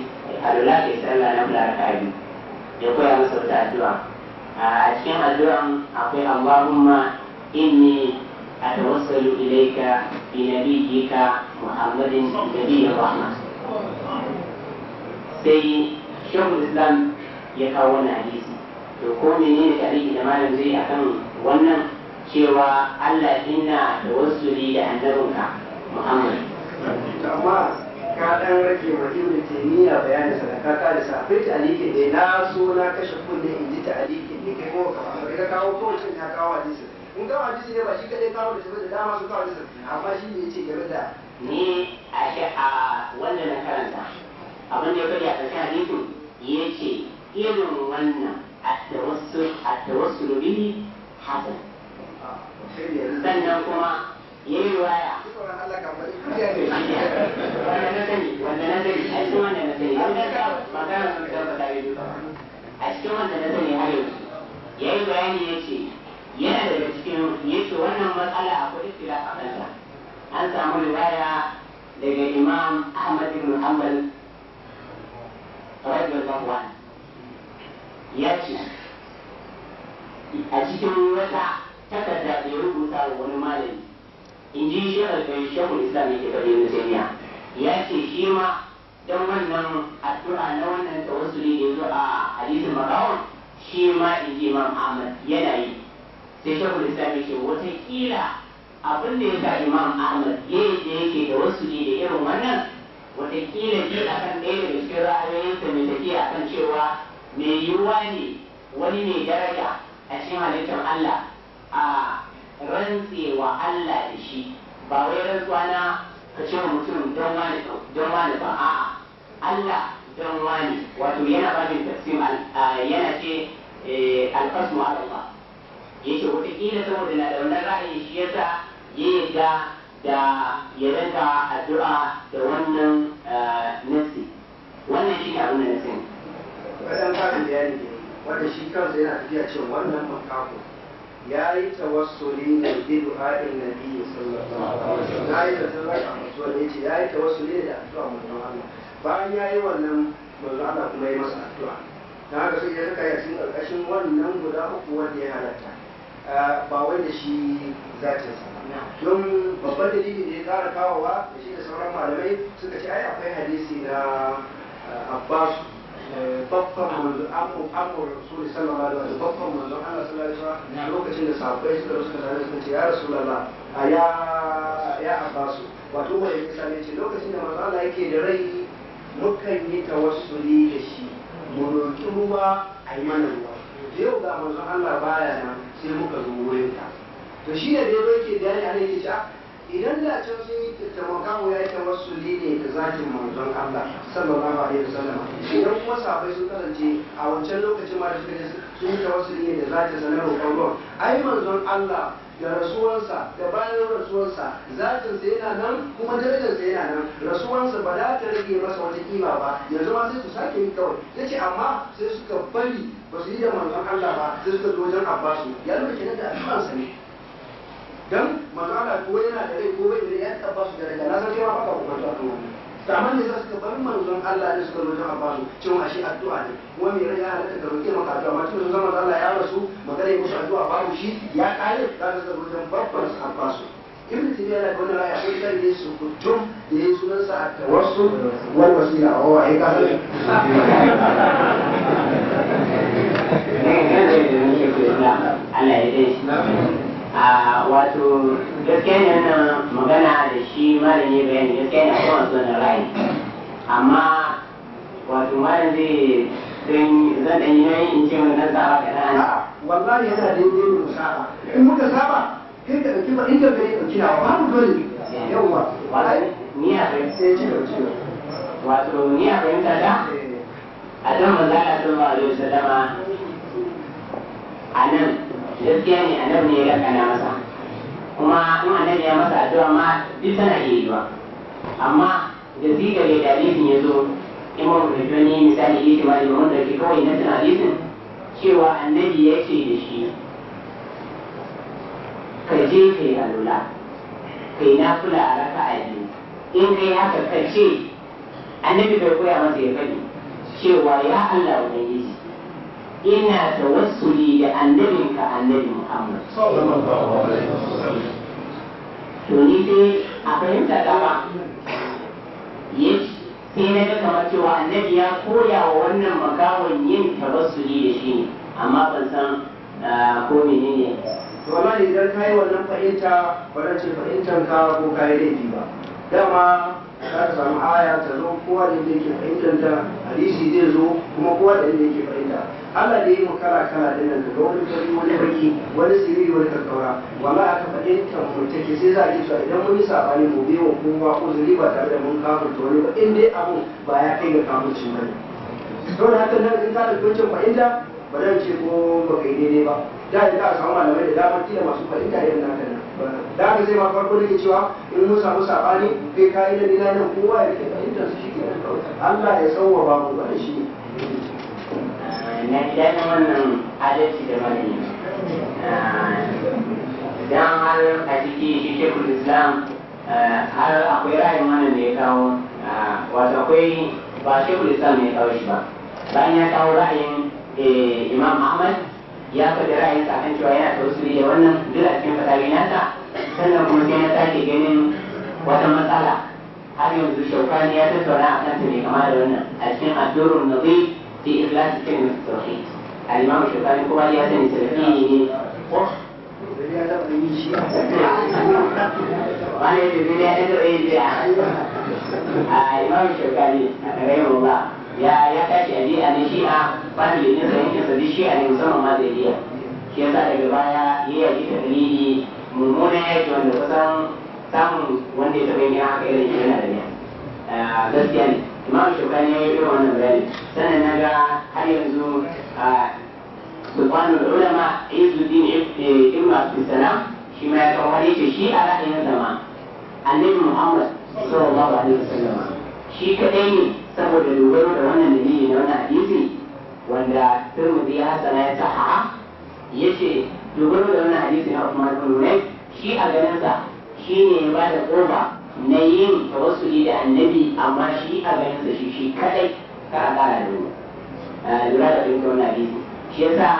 alula ke sallah na kula ka ya koya masa wata addu'a a cikin addu'an akwai allahumma inni أتوسل إليك بنبيك محمد نبي الرحمة sai shekul islam ya kawo wannan hadisi to ko menene tarihi da malam zai kan wannan cewa Allah inna da wasuli da annabinka Muhammad amma ka dan rage wa ibn bayanin sadaka ka kare sa akwai da na so na kashe kullum in ji ta'aliki ne kai ko ka kawo ko ka kawo hadisi in ga hadisi ne ba shi kadai kawo da sabbin da dama sun kawo da sabbin amma shi ne ce game da ni a shi a wannan na karanta abin da ya bari a ƙarshen hadisin ya ce irin wannan a tawassul bihi hasan sannan kuma ya yi waya a cikin wanda na sani da ta magana da a cikin wanda bayani ya ce yana daga cikin ce wannan matsala akwai istila a kanta an samu riwaya daga imam ahmad ibn hanbal radiyallahu anhu ya ce a cikin wata takarda da ya rubuta wa wani malami in ji shi a kai shekul islam yake faɗi na saniya ya ce shi ma don wannan addu'a na wannan tawassuli da ya zo a hadisin makawon shi ma in ji imam ahmad yana yi sai shekul islam ce wataƙila abin da ya imam ahmad ya da yake da wasu ne da irin wannan wataƙila ji a kan ɗaya da cikin sa mai tafiya a kan cewa mai yiwuwa ne wani mai daraja a cikin halittar allah a rantsewa allah da shi ba wai rantsuwa na ka ce wa mutum don wani ba a'a allah don wani wato yana babin tafsir yana ce eh, alƙasmu allah yake wataƙila saboda na da wannan ra'ayi shi yasa ya yadda da ya rinka addu'a da wannan eh, nasi wannan shi ne abin da na sani. Wajen fadin bayani ne wanda shi kansa yana tafiya cewa wannan makako ya yi tawassuli da bi du'a'in nabi sallallahu alaihi wasallam ya yi tawassuli da addu'a ne ce ya yi tawassuli da addu'a manzon Allah bayan ya yi wannan manzon Allah kuma ya yi masa addu'a na haka sai ya rika yasin karkashin wannan guda uku wanda ya halatta ba wanda shi za ta sa don babban dalilin da ya kara kawowa da shi da sauran malamai suka ce ai akwai hadisi na abbas eh, babban manzo amur rasul sallallahu alaihi wasallam babban manzo Allah sallallahu alaihi wasallam lokacin da sahabbai suka rasu da suka ce ya rasulullah aya ya abbas wato wani misali ce lokacin da manzo Allah yake da rai mukan yi tawassuli da shi mu roki ruwa a yi mana ruwa yau ga manzo Allah baya nan sai muka zo wurin ta to shi ne da yake bayani a yake cewa idan da can sun yi taimakawa ya yi tawassuli ne da zakin manzon Allah sallallahu alaihi wasallam idan kuma sabai sun kasance a wancan lokacin ma da sun yi tawassuli ne da zakin sanar roƙon ruwan ai manzon Allah da rasuwansa da bayan rasuwansa zatin sa yana nan kuma darajar sa yana nan rasuwansa ba za ta rage masa wata kima ba yanzu ma sai su sake yi kawai ce amma sai suka bari ba su yi da manzon Allah ba sai suka zo wajen Abbasu ya lura kenan da alfansa ne dan magana ko yana da rai ko bai da rai ya taba su da daga na san cewa baka kuma ta tuwo saman da suka bar manzon Allah ne suka roƙi Abbasu cewa ashe addu'a ne kuma me rai ya halatta ga roƙi maka addu'a amma tun zaman Allah ya rasu magana ya musu addu'a babu shi ya kare za ka suka roƙi babban Abbasu ibn tabiya da wannan aya ko sai ne su kutum da yayi sunan sa tawassul wal wasila wa wa ka Allah ya dai a wato gaske ne na magana da shi malam ya bayani gaskiya ne kuma son na rai amma wato malam zai zan dan yi nan in ce mun nan saba kana wallahi yana da yin da saba in muka saba kai ka dauki ba in ka gani dauki na ba mu dole yawa wallahi ni a bai sai ci dauki wato ni a bai ta da a dan wallahi sallallahu alaihi wasallama a nan gaskiya ne annabi ne ya lakana masa kuma in annabi ya masa addu'a ma duk tana iya yiwa amma da zigar da hadisin ya zo imam rubani misali yake ma da wanda ke kawai na tana hadisin cewa annabi ya ce da shi ka je ka yi alula ka yi nafula a raka a biyu in ka yi haka ka ce annabi bai koya masa ya faɗi cewa ya Allah wani ina tawassuli da annabinka annabi Muhammad. To dai a fahimta dama ya sai na ga kamar cewa annabi ya koya wa wannan makawan yin tawassuli da shi ne amma ban san ah, ko menene to amma idan kai wannan fahimta ba ce fahimtar ka ko kai laifi ba dama za samu aya ta zo kowa da inda yake fahimtanta hadisi zai zo kuma kowa da inda yake fahimta Allah da yi mu kala kala da nan daga wani fari wani baki wani siriri wani kakkaura wala aka fahimta mu take sai za a ji idan mun yi sabani mu bai wa kowa uzuri ba tare da mun kafurta wani ba in dai abu ba ya kai ga kafurcin ba ne. Saboda haka nan in ka da kuncin fahimta ba zan ce ko ba kai daidai ba. Da ka samu malamai da dama kila masu fahimta irin naka ne. da haka zai ma farko da ke cewa in mun samu sabani kai kayi da nan kowa ya ke fahimtar su shi ke Allah ya sauwa ba mu bane shi na idan wannan adalci da mani. dan har a ciki shi shekul islam eh, har akwai ra'ayin wannan da ya kawo eh, wato akwai ba shekul islam ne ya kawo shi ba bayan ya kawo ra'ayin eh, imam ahmad ya faɗi sa kan cewa yana tausiri da wannan duk a cikin na sa sannan kuma sai na sake ganin wata matsala har yanzu shaukani ya tattauna a kanta mai kama da wannan a cikin addurun zai fi ikhlasi cikin musulmi alimamu shaukani kuma ya sani salafi ne wani da zai ya yin a shaukani a mu ba ya ya tashi a jiya ne shi a family yin sa yake sa shi a ne musamman ma zai iya shi yasa daga baya ya yi ta dalili mummuna yaki wanda kusan samun wanda ya taɓa yin haka irin yana da ne gaskiya ne imam shukani ya yi irin wannan bayani sannan na ga har yanzu sulfanul ulama izuddin ibn abdussalam shi ma ya kawo wani ce shi a ra'ayin zama annabi muhammad sallallahu alaihi wasallam shi kadai ne saboda dogaro da wannan dalili da wannan hadisi wanda turmudi ya hasana ya saha ya dogaro da wannan hadisi na Uthman bin Nurek shi a sa shi ne ya ba da ƙofa na yin tawassuli da annabi amma shi a ganin sa shi shi kadai ka a ƙara da lura da ɗin wannan hadisi shi yasa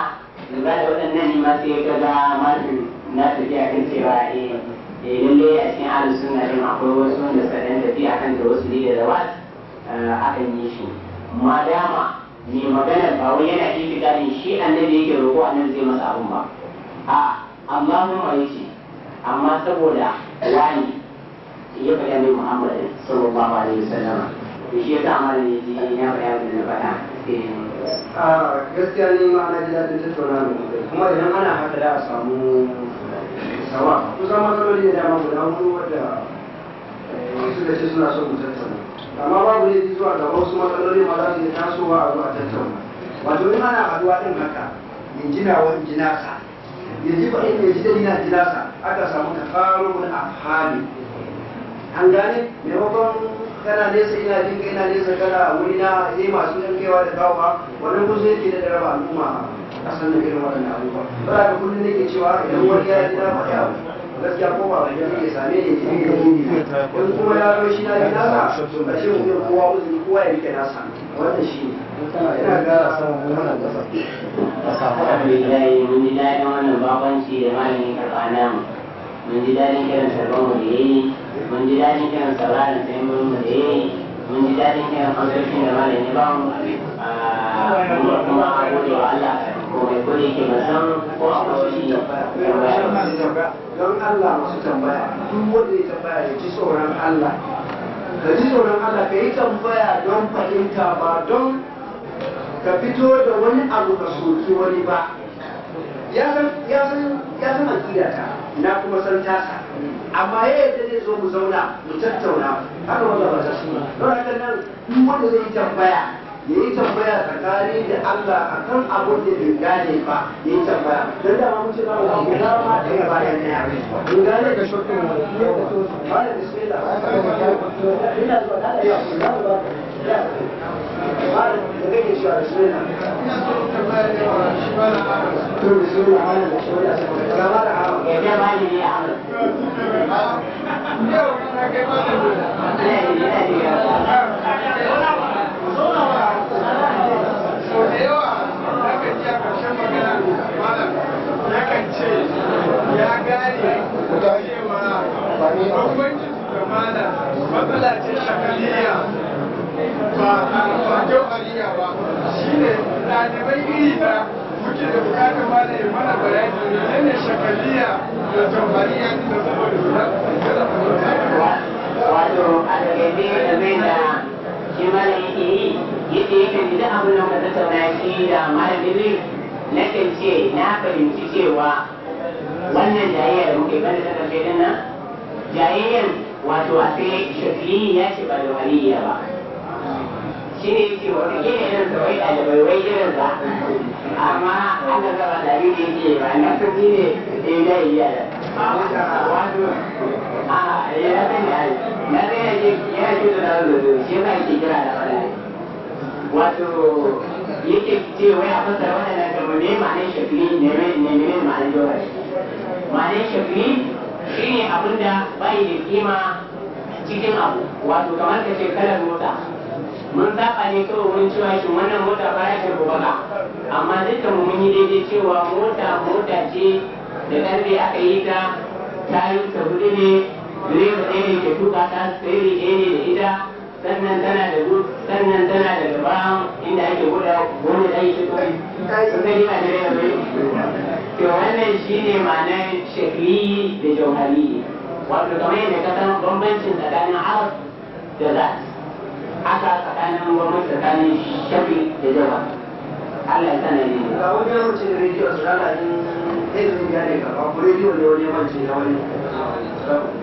lura da waɗannan ne ma sai ka ga malin na tafiya kan cewa eh, eh lalle a cikin ahlus na din akwai wasu wanda sadan tafiya kan tawassuli da zawat Eh, akan yi shi ma dama mai magana ba wai yana kifi gani shi annabi yake roƙo annabi zai masa abun ba a amma mun mai shi amma saboda wani ya faɗa mai Muhammad sallallahu alaihi wasallam to shi yasa amma da yaji ya faɗa mai da faɗa a gaskiya ne ma ana ji daɗin tattauna da kuma idan ana haka da a samu sawa kusan matsaloli da dama guda hudu wadda wasu eh, da shi suna son mu tattauna amma babu ne zuwa ga wasu matsaloli ma za su yi tasowa a zuwa tattauna wato ne mana haduwa ɗin haka in jina wa in jina sa ya ji ba in ya ji da jina sa aka samu wani afhali an gane maimakon kana nesa ina jinka ina nesa kana a wuri na ne eh, masu yan kaiwa da dawowa wannan kusa yake da raba al'umma a ke irin waɗannan abubuwa ba da kullum ke cewa idan wani ya yi na faɗi abu gaskiya ko ba ya zai same ne ne yanzu kuma ya zo shi na yi nasa a ce kuma kowa uzuri kowa ya rike nasa wannan shi ne ina gara sama wannan gasa a safa a mai yayi mun ji daɗin wannan babanci da malamin karɓa namu mun ji daɗin kiran sarban mu da yayi mun ji daɗin kiran salatin sai mun mu da yayi mun ji daɗin kiran fasoshi da malamin ya ba mu kuma a gode wa Allah ko ne ke ba san ko a wasu shi tambaya don Allah masu tambaya duk wanda ya tambaya ya ji tsoron Allah ka ji tsoron Allah ka yi tambaya don fahimta ba don ka fito da wani abu ka soki wani ba ya san ya san akida ta na kuma san tasa amma ya yadda zai zo mu zauna mu tattauna haka wanda ba ta suna don haka nan duk wanda zai yi tambaya ya yi tambaya tsakani da Allah a kan abin da bai gane ba ya yi tambaya don da ma mutu ma bayan da ba da ya shi a bismillah ina so to da da da ya gane cewa bambancin su da mala matsala ce shakaliya ba ba jauhariya ba shine ɗalibai iri da muke da bukatar mala ya mana bayani ne ne shakaliya da jauhariya da saboda su da wato a takaice da zai da shi mala yake yi yadda yake da abin da ka tattauna shi da malamin na kan ce na fahimci cewa wannan jayayyar muke ba da ta ƙarshe ɗin nan jayayyar wato a sai ya ce ba da waliya ba shi ne yake wata ke irin sa wai ɗalibai wai irin sa amma an da zaba da yake yake ba na kuɗi ne da ya yi jayi yara wato a ya san da na zai yake ya ce da na zuzu shi yasa yake kira da wani wato yake ce wai a fasar waɗannan kamar ne ma'anin shakli ne ne ma'anin jawar Ma'anin shafi shi ne abin da bai da kima cikin abu wato kamar ka ce kalar mota mun saba ne kawai wurin cewa shi wannan mota ba ya shi baka amma dukkan mun yi daidai cewa mota mota ce da ƙarfe aka yi ta ta yi ta hudu ne direba ɗaya ne ke tuka ta ɗaya ne da ita sannan tana da gud sannan tana da gaba inda ake guda wani ɗan shi kawai sun gani ba da rai bai to wannan shi ne ma'anar shakli da jauhari wato kamar yadda ka san bambancin tsakanin arab da zat haka tsakanin bambancin tsakanin shakli da jauhari Allah ya sanar ne. Ga wani yawancin rediyo su lalacin ilimin gane gaba, ko rediyo ne wani yawancin na wani.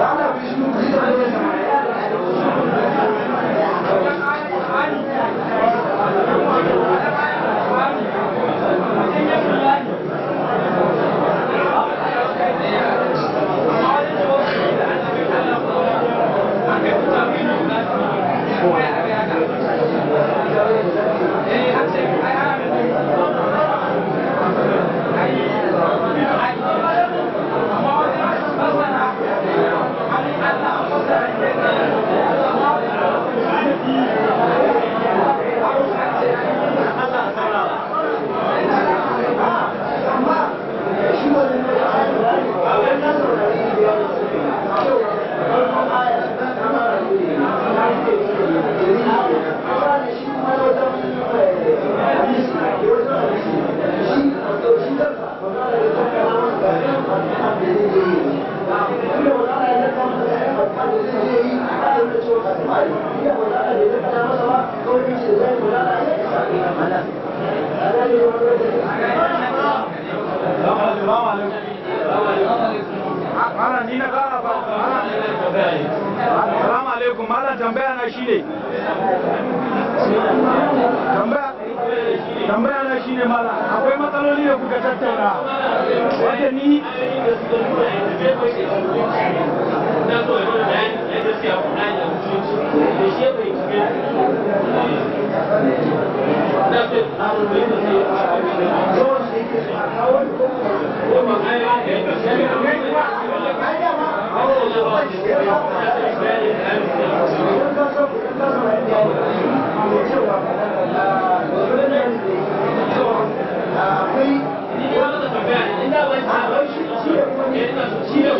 Nada, bicho, não precisa point. malam tambaya na na matsaloli da kuka tattauna wadda 那时候，我来来这些湖南人，去，有些会去。那时他们没东西，都是自己去搞。我买一点，买一点嘛。那时候，那时候我们那时候我们啊，那时候啊，你你那个准备啊，你那个买买手机，现在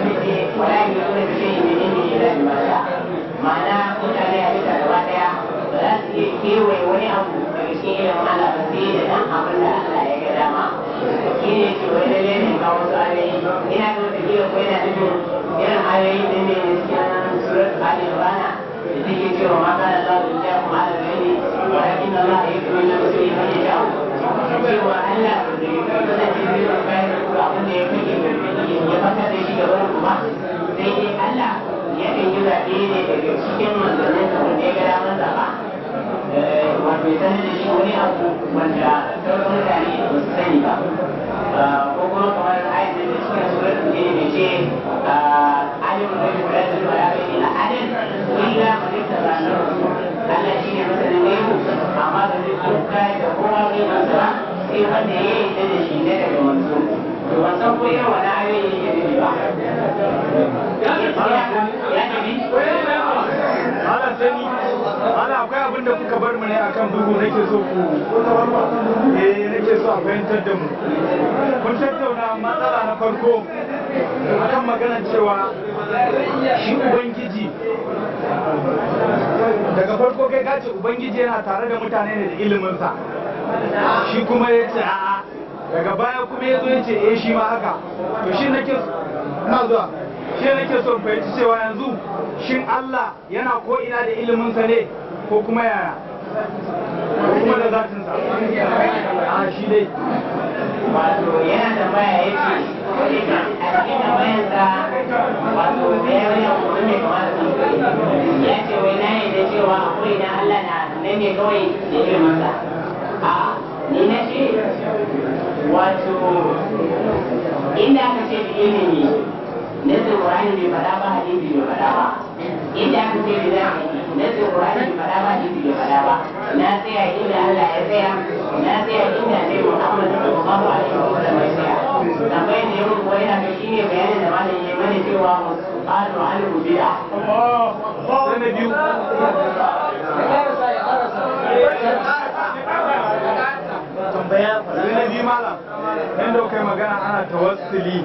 kawo wasu ayoyi ina ga wata kila ko yana irin da ne da suke nan rana da cewa ma kana za ja kuma ala cewa Allah da abin da ya ya da shi gaban kuma sai dai Allah yi zaɓe ne daga cikin manzannin da wanda ya eh, wato ya sanar da shi wani abu wanda sauran mutane ba su sani ba ah, kuma kamar ayyukan da suka surat ne mai ce alimun da ya kula da zuwa ya bai ila adin illa malika ranar Allah shi ne masa da gaibu amma da zai kuka da kowa bai masa ba sai wanda ya yi da shi ne daga wanzu to ban san ko yawan ayoyi ya ne ba. Ya ne sani ana akwai abin da kuka bar mu ne akan bugu nake so ku eh nake so a fahimtar da mu kun tattauna matsala na farko akan maganar cewa shi ubangiji daga farko kai kace ubangiji yana tare da mutane ne da iliminsa shi kuma ya ce a'a daga baya kuma ya zo ya ce eh shi ma haka to shi nake na zuwa shi nake so fahimci cewa yanzu shin Allah yana ko ina da iliminsa ne ko kuma yaya ko kuma da zatinsa a shi dai wato yana da maya yake a cikin da mayansa wato da ya wani abu ne kamar da ya ce wai na yi da cewa akwai na Allah na nan ne kawai da iliminsa a ni na ce wato inda aka ce da ilimi نزل القرآن bai faɗa ba hadisi bai faɗa ba inda aka ce da za a nazar Qur'ani bai faɗa ba hadisi bai faɗa ba na tsaya inda Allah ya tsaya na tsaya inda ne Muhammad sallallahu alaihi wa sallam ya tsaya tambayar da yau kuwa yana kai shine bayanin da malam ya mana cewa mu'adu anhu bid'a sai biyu tambaya na biyu malam nan da kai magana ana tawassuli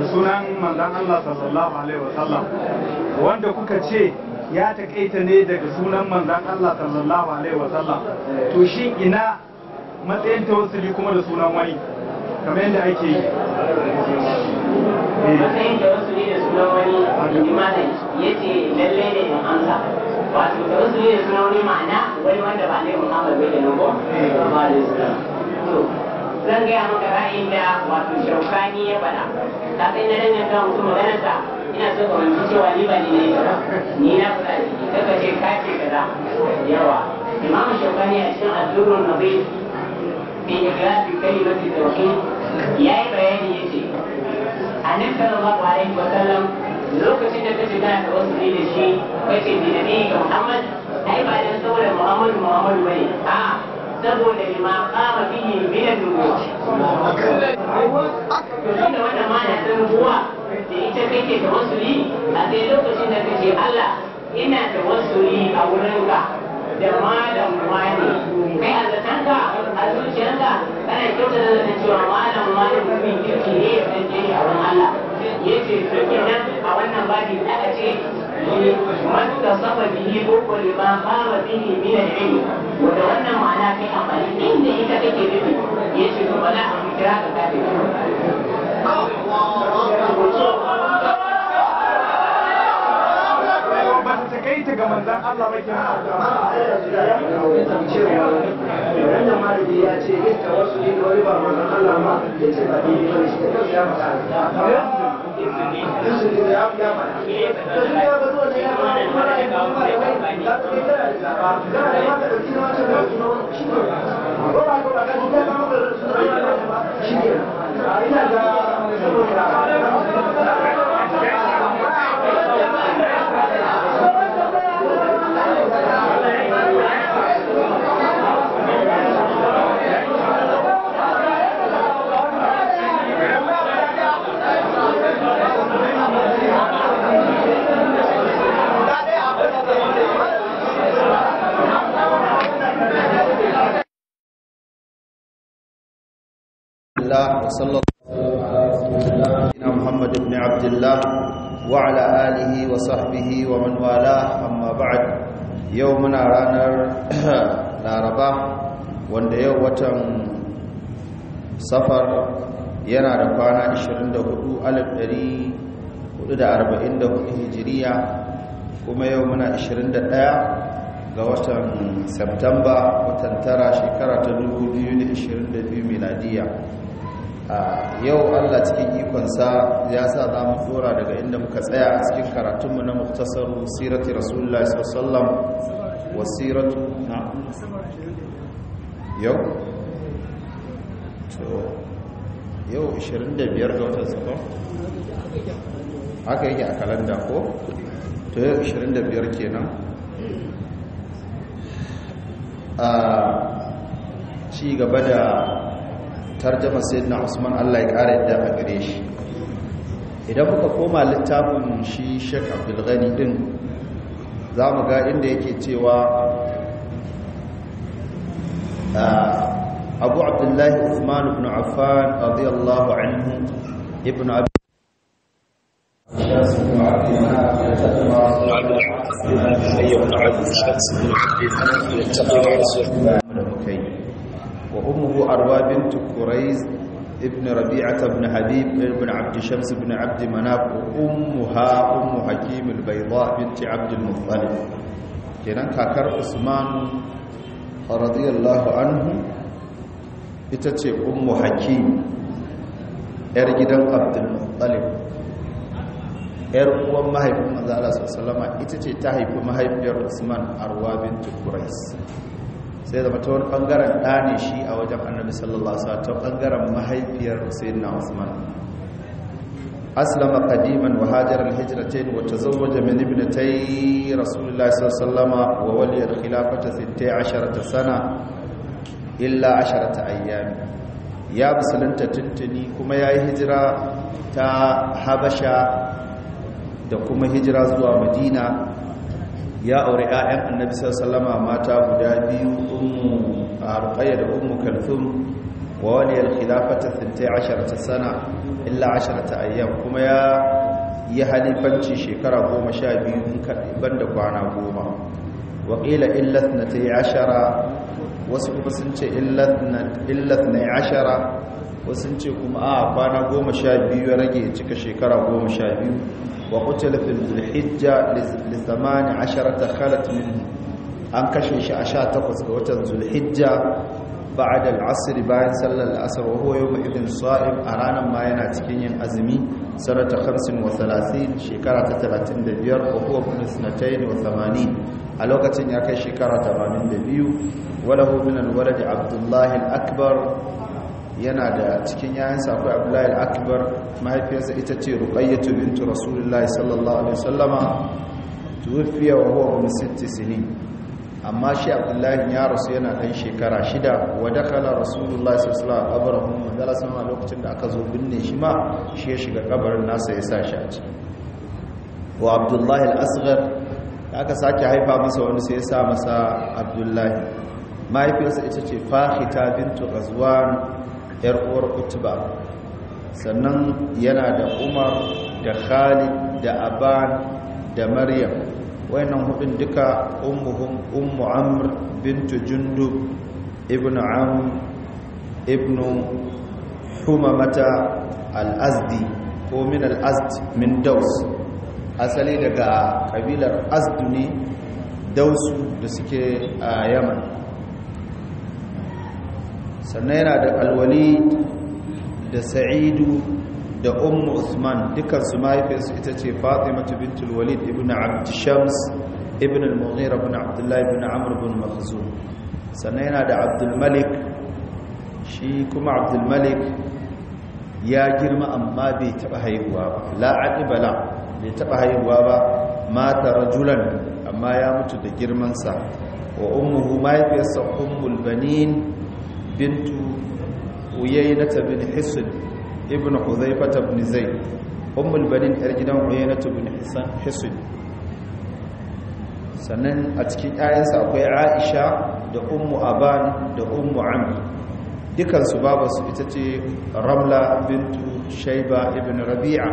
da sunan manzan Allah sallallahu alaihi wasallam wanda kuka ce ya takaita ne daga sunan manzan Allah sallallahu alaihi wasallam to shi ina matsayin tawassuli kuma da sunan wani kamar yadda ake yi eh. matsayin tawassuli da sunan wani limanin ya ce lalle ne in amsa wato tawassuli da sunan wani ma'ana wani wanda ba ne Muhammad bai da nubo ba da sunan eh. zan gaya maka ra'ayin da wato shaukani ya bada kafin na dangin kan mutum maganarsa ina so ka wanci cewa ni ba ni ne ba ni na fada jiki kaka ce ka ce kaza yawa imam shafani a cikin addurun nabi bi ikhlasi kalimati tauhid yayi bayani yace annabi sallallahu alaihi wa sallam lokacin da kace kana ne da shi kace bi nabi Muhammad ai ba dan saboda Muhammadu Muhammadu bane a'a saboda lima kama bihi minan nubuci to shi da wannan mana ta nubuwa da ita kake da wasu wasuli a sai lokacin da kace Allah ina da wasuli a wurinka da malam wani kai a zatanka a zuciyarka kana kyautar da cewa malam wani mutumin kirki ne ya san a wurin Allah ya ce kenan a wannan babi aka ce man da saba bihi ko ko lima bihi min al-ilm wanda wannan ma'ana kai amfani inda ita kake nufi ya to bala an kira ka da ba ta takaita ga manzan Allah ba ke wannan malami ya ce yin wasu yin wani ba manzan Allah ma ya ce ba ne ba ne shi da kansa ya faɗa इसलिए आप क्या माने दुनिया भर में नया माने हमारा एक गांव में तब के लिए आप ना रहमा के दिन में से लोग नो छिनो बोला बोला का दुनिया में सुना है ठीक है आइए जा الله muhammad الله على سيدنا محمد بن عبد wa وعلى آله وصحبه amma والاه yau muna ranar laraba wanda yau watan safar yana da kwana 24,444 hijiriya kuma yau muna 21 ga watan septemba watan tara shekara ta 2022 miladiya yau Allah cikin ikonsa ya sa za mu tsora daga inda muka tsaya a cikin karatunmu na muktasaru sirati rasulullah sallam wa siratu na yau to yau 25 ga watan safar haka yake a kalanda ko to yau 25 kenan a ci gaba da tarjama sayyidina usman allah ya kara yadda a gare shi idan kuka koma littafin shi shek abdulghani din za mu ga inda yake cewa abu abdullahi usman ibn affan radiyallahu anhu ibn abi الشمس وأمه أروى بنت كريز ابن ربيعة بن حبيب ابن عبد شمس بن عبد مناف وأمها أم حكيم البيضاء بنت عبد المطلب كنان كاكر عثمان رضي الله عنه إتتي أم حكيم أرجدا عبد المطلب ‘yar uwan mahaifin manzala sallama ita ce ta haifi mahaifiyar usman arwa bin tukurais sai zama ta wani bangaren ɗa ne shi a wajen annabi sallallahu alaihi ta bangaren mahaifiyar sayyidina Usman aslama qadiman wa hajara al-hijratayn wa tazawwaja min ibnatay rasulillah sallallahu alaihi wa waliya al-khilafata 16 sana illa 10 ayyam ya musulunta tuntuni kuma yayi hijira ta Habasha da kuma hijira zuwa Madina ya aure 'ya'yan annabi sallama mata guda biyu ummu arqayya da ummu kalthum wa wali al-khilafata 12 sana illa 10 ayyam kuma ya yi halifanci shekara biyu in da kwana 10 wa ta yi 12 wasu kuma sun ce illa 12 wasu sun ce kuma a kwana 12 ya rage cika shekara biyu. وقتل في الحجة لثمان عشرة خلت منه an kashe shi a sha takwas ga watan zulhijja ba'ad al bayan sallar al-asr wa huwa yawm ibn sa'ib a ranar ma yana cikin yin azumi sanata 35 shekara ta 35 wa huwa ibn sanatayn wa 80 a lokacin ya kai shekara 82 wala hu akbar yana da cikin yayansa akwai abdullahi akbar mahaifiyarsa ita ce ruqayyatu bintu rasulullahi sallallahu alaihi wasallama tuwfiya wa huwa min sitti sinin amma shi abdullahi ya rasu yana dan shekara shida wa dakala rasulullahi sallallahu alaihi wasallam madala sama lokacin da aka zo binne shi ma shi ya shiga kabarin nasa ya sa shi a ciki wa abdullahi al-asghar aka sake haifa masa wani sai ya sa masa abdullahi mahaifiyarsa ita ce fahita bintu ghazwan yar uwar utba sannan yana da umar da khalid da aban da maryam wayannan hudun duka ummuhum ummu amr bintu jundub ibnu am ibnu humamata al-azdi ko min al-azd min daws asali daga kabilar azdu ne dausu da suke a yaman sannan yana da alwali da sa'idu da ummu usman dukansu mahaifinsu ita ce fatimatu bintul walid ibn abd shams ibn al-mughira ibn abdullah ibn amr ibn makhzum sannan yana da abdul malik shi kuma abdul malik ya girma amma bai taba haihuwa ba la aqibala bai taba haihuwa ba mata rajulan amma ya mutu da girman sa wa ummuhu mahaifiyarsa ummul banin bintu uyainata bin hisin ibn huzaifata bin zai ummul banin yar gidan uyainata bin hisin sannan a cikin 'ya'yansa akwai aisha da ummu aban da ummu ammi dukansu babansu ita ce ramla bintu shaiba ibn rabi'a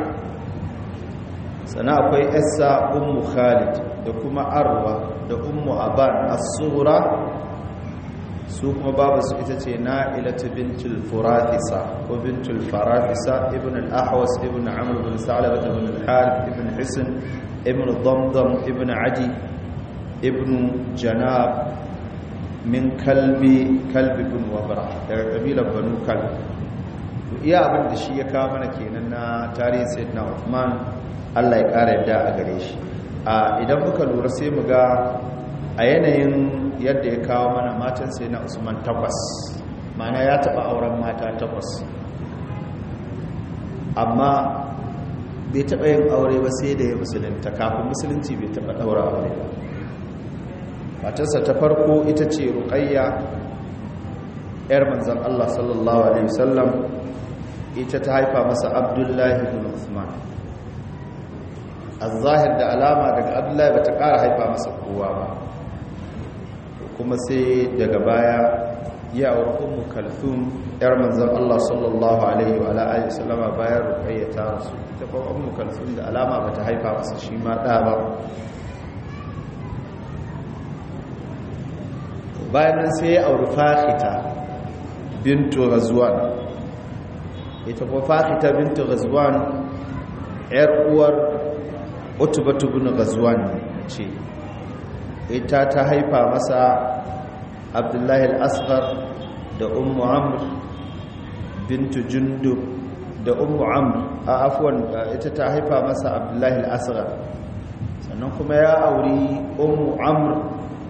Sannan akwai yassa ummu khalid da kuma arwa da ummu aban as-sughra su kuma babansu ita ce na'ilatu bintul furafisa ko bintul farafisa ibn al-ahwas ibn amr bin salaba ibn al-harith ibn hisn ibn damdam ibn adi ibn janab min kalbi kalbi bin wabara daga kabila banu kalb iya abin da shi ya kawo mana kenan na tarihin na uthman Allah ya kara yadda a gare shi idan muka lura sai mu ga a yanayin yadda ya kawo mana matan sai na usman takwas mana ya taba auren mata takwas amma bai taba yin aure ba sai da ya musulunta kafin musulunci bai taɓa ɗaura aure matarsa ta farko ita ce ruƙayya 'yar manzan allah sallallahu alaihi wasallam ita ta haifa masa abdullahi bin usman a zahir da alama daga abdullahi ba ta ƙara haifa masa kowa ba kuma sai daga baya ya aure ummu kalthum yar manzon Allah sallallahu alaihi wa alihi sallama bayan ruqayya ta rasu ita ba ummu da alama bata haifa masa shi ma da ba bayan sai ya auri fakhita bintu Razuwan. ita kuma fakhita bintu Razuwan, yar uwar utbatu ibn ghazwan ce ita ta haifa masa abdullahi al'asfar da ummu amr bintu jundu da ummu amr a afuwan ita ta haifa masa abdullahi al'asfar sannan kuma ya auri ummu amr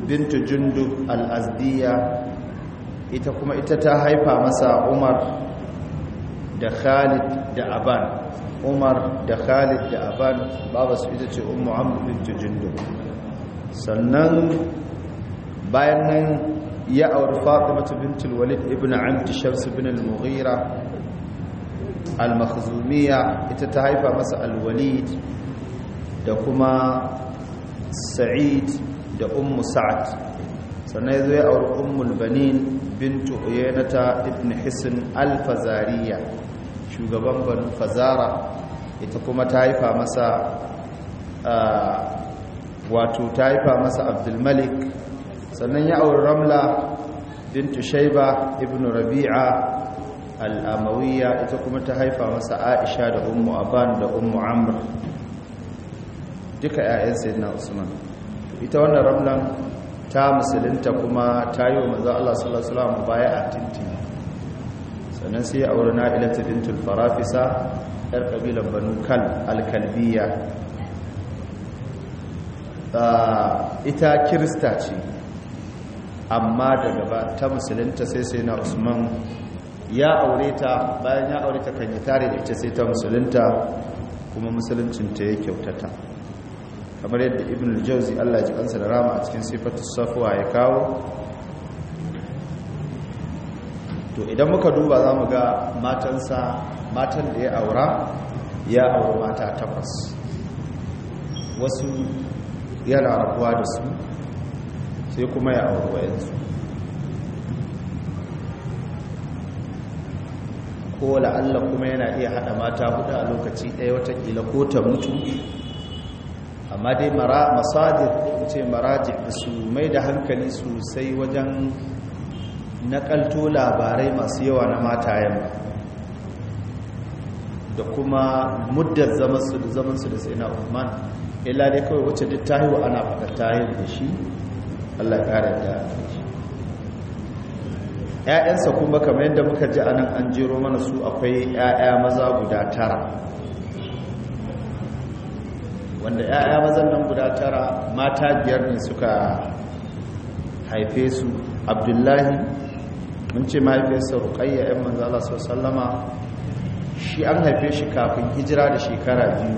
bintu jundu al'azdiya ita kuma ita ta haifa masa umar da khalid da aban umar da khalid da aban babasu ita ce ummu amr bintu jundu. sannan bayan nan ya auri fatimatu bintul walid ibn amti shams ibn al-mughira al-makhzumiyya ita ta haifa masa al-walid da kuma sa'id da ummu sa'ad sannan yazo ya auri ummul banin bintu uyaynata ibn hisn al-fazariya shugaban banu fazara ita kuma ta haifa masa uh, wato ta haifa masa abdulmalik sannan ya auri ramla bintu shaiba ibn rabi'a al'amawiya ita kuma ta haifa masa aisha da ummu aban da ummu amr duka 'ya'yan na usman ita wannan ramlan ta musulunta kuma ta yi wa maza Allah sallallahu alaihi wasallam baya a titi sannan sai ya auri na'ilata bintul farafisa yar kabilan banu kal al ita kirista ce amma daga ba ta musulunta sai sai na usman ya aure ta bayan ya aure ta kan yi tare da ita sai ta musulunta kuma musuluncinta ya kyautata kamar yadda ibn al-jawzi Allah ji kansa da rama a cikin sifatu safuwa ya kawo to idan muka duba za mu ga matansa matan da ya aura ya aure mata takwas wasu yana rabuwa da su sai kuma ya auri wayansu ko allah kuma yana iya haɗa mata hudu a lokaci ɗaya watakila ko ta mutu amma dai masadir ce maraji su mai da hankali sosai wajen nakalto labarai masu yawa na mata yamma da kuma muddar zamansu da zamansu da sai na umarni illa dai kawai wacce duk ta haihu ana faɗa ta haihu da shi allah ƙara da ‘ya'yansa kuma kamar yadda muka ji anan an jero mana su akwai ‘ya'ya maza guda tara wanda ‘ya'ya mazan nan guda tara mata biyar ne suka haife su abdullahi mun ce mahaifiyarsa rukayya ‘yan manzala sallama shi an haife shi kafin hijira da shekara biyu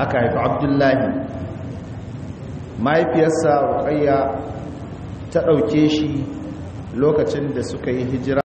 Haka haifi abdullahi mahaifiyarsa ruƙayya ta ɗauke shi lokacin da suka yi hijira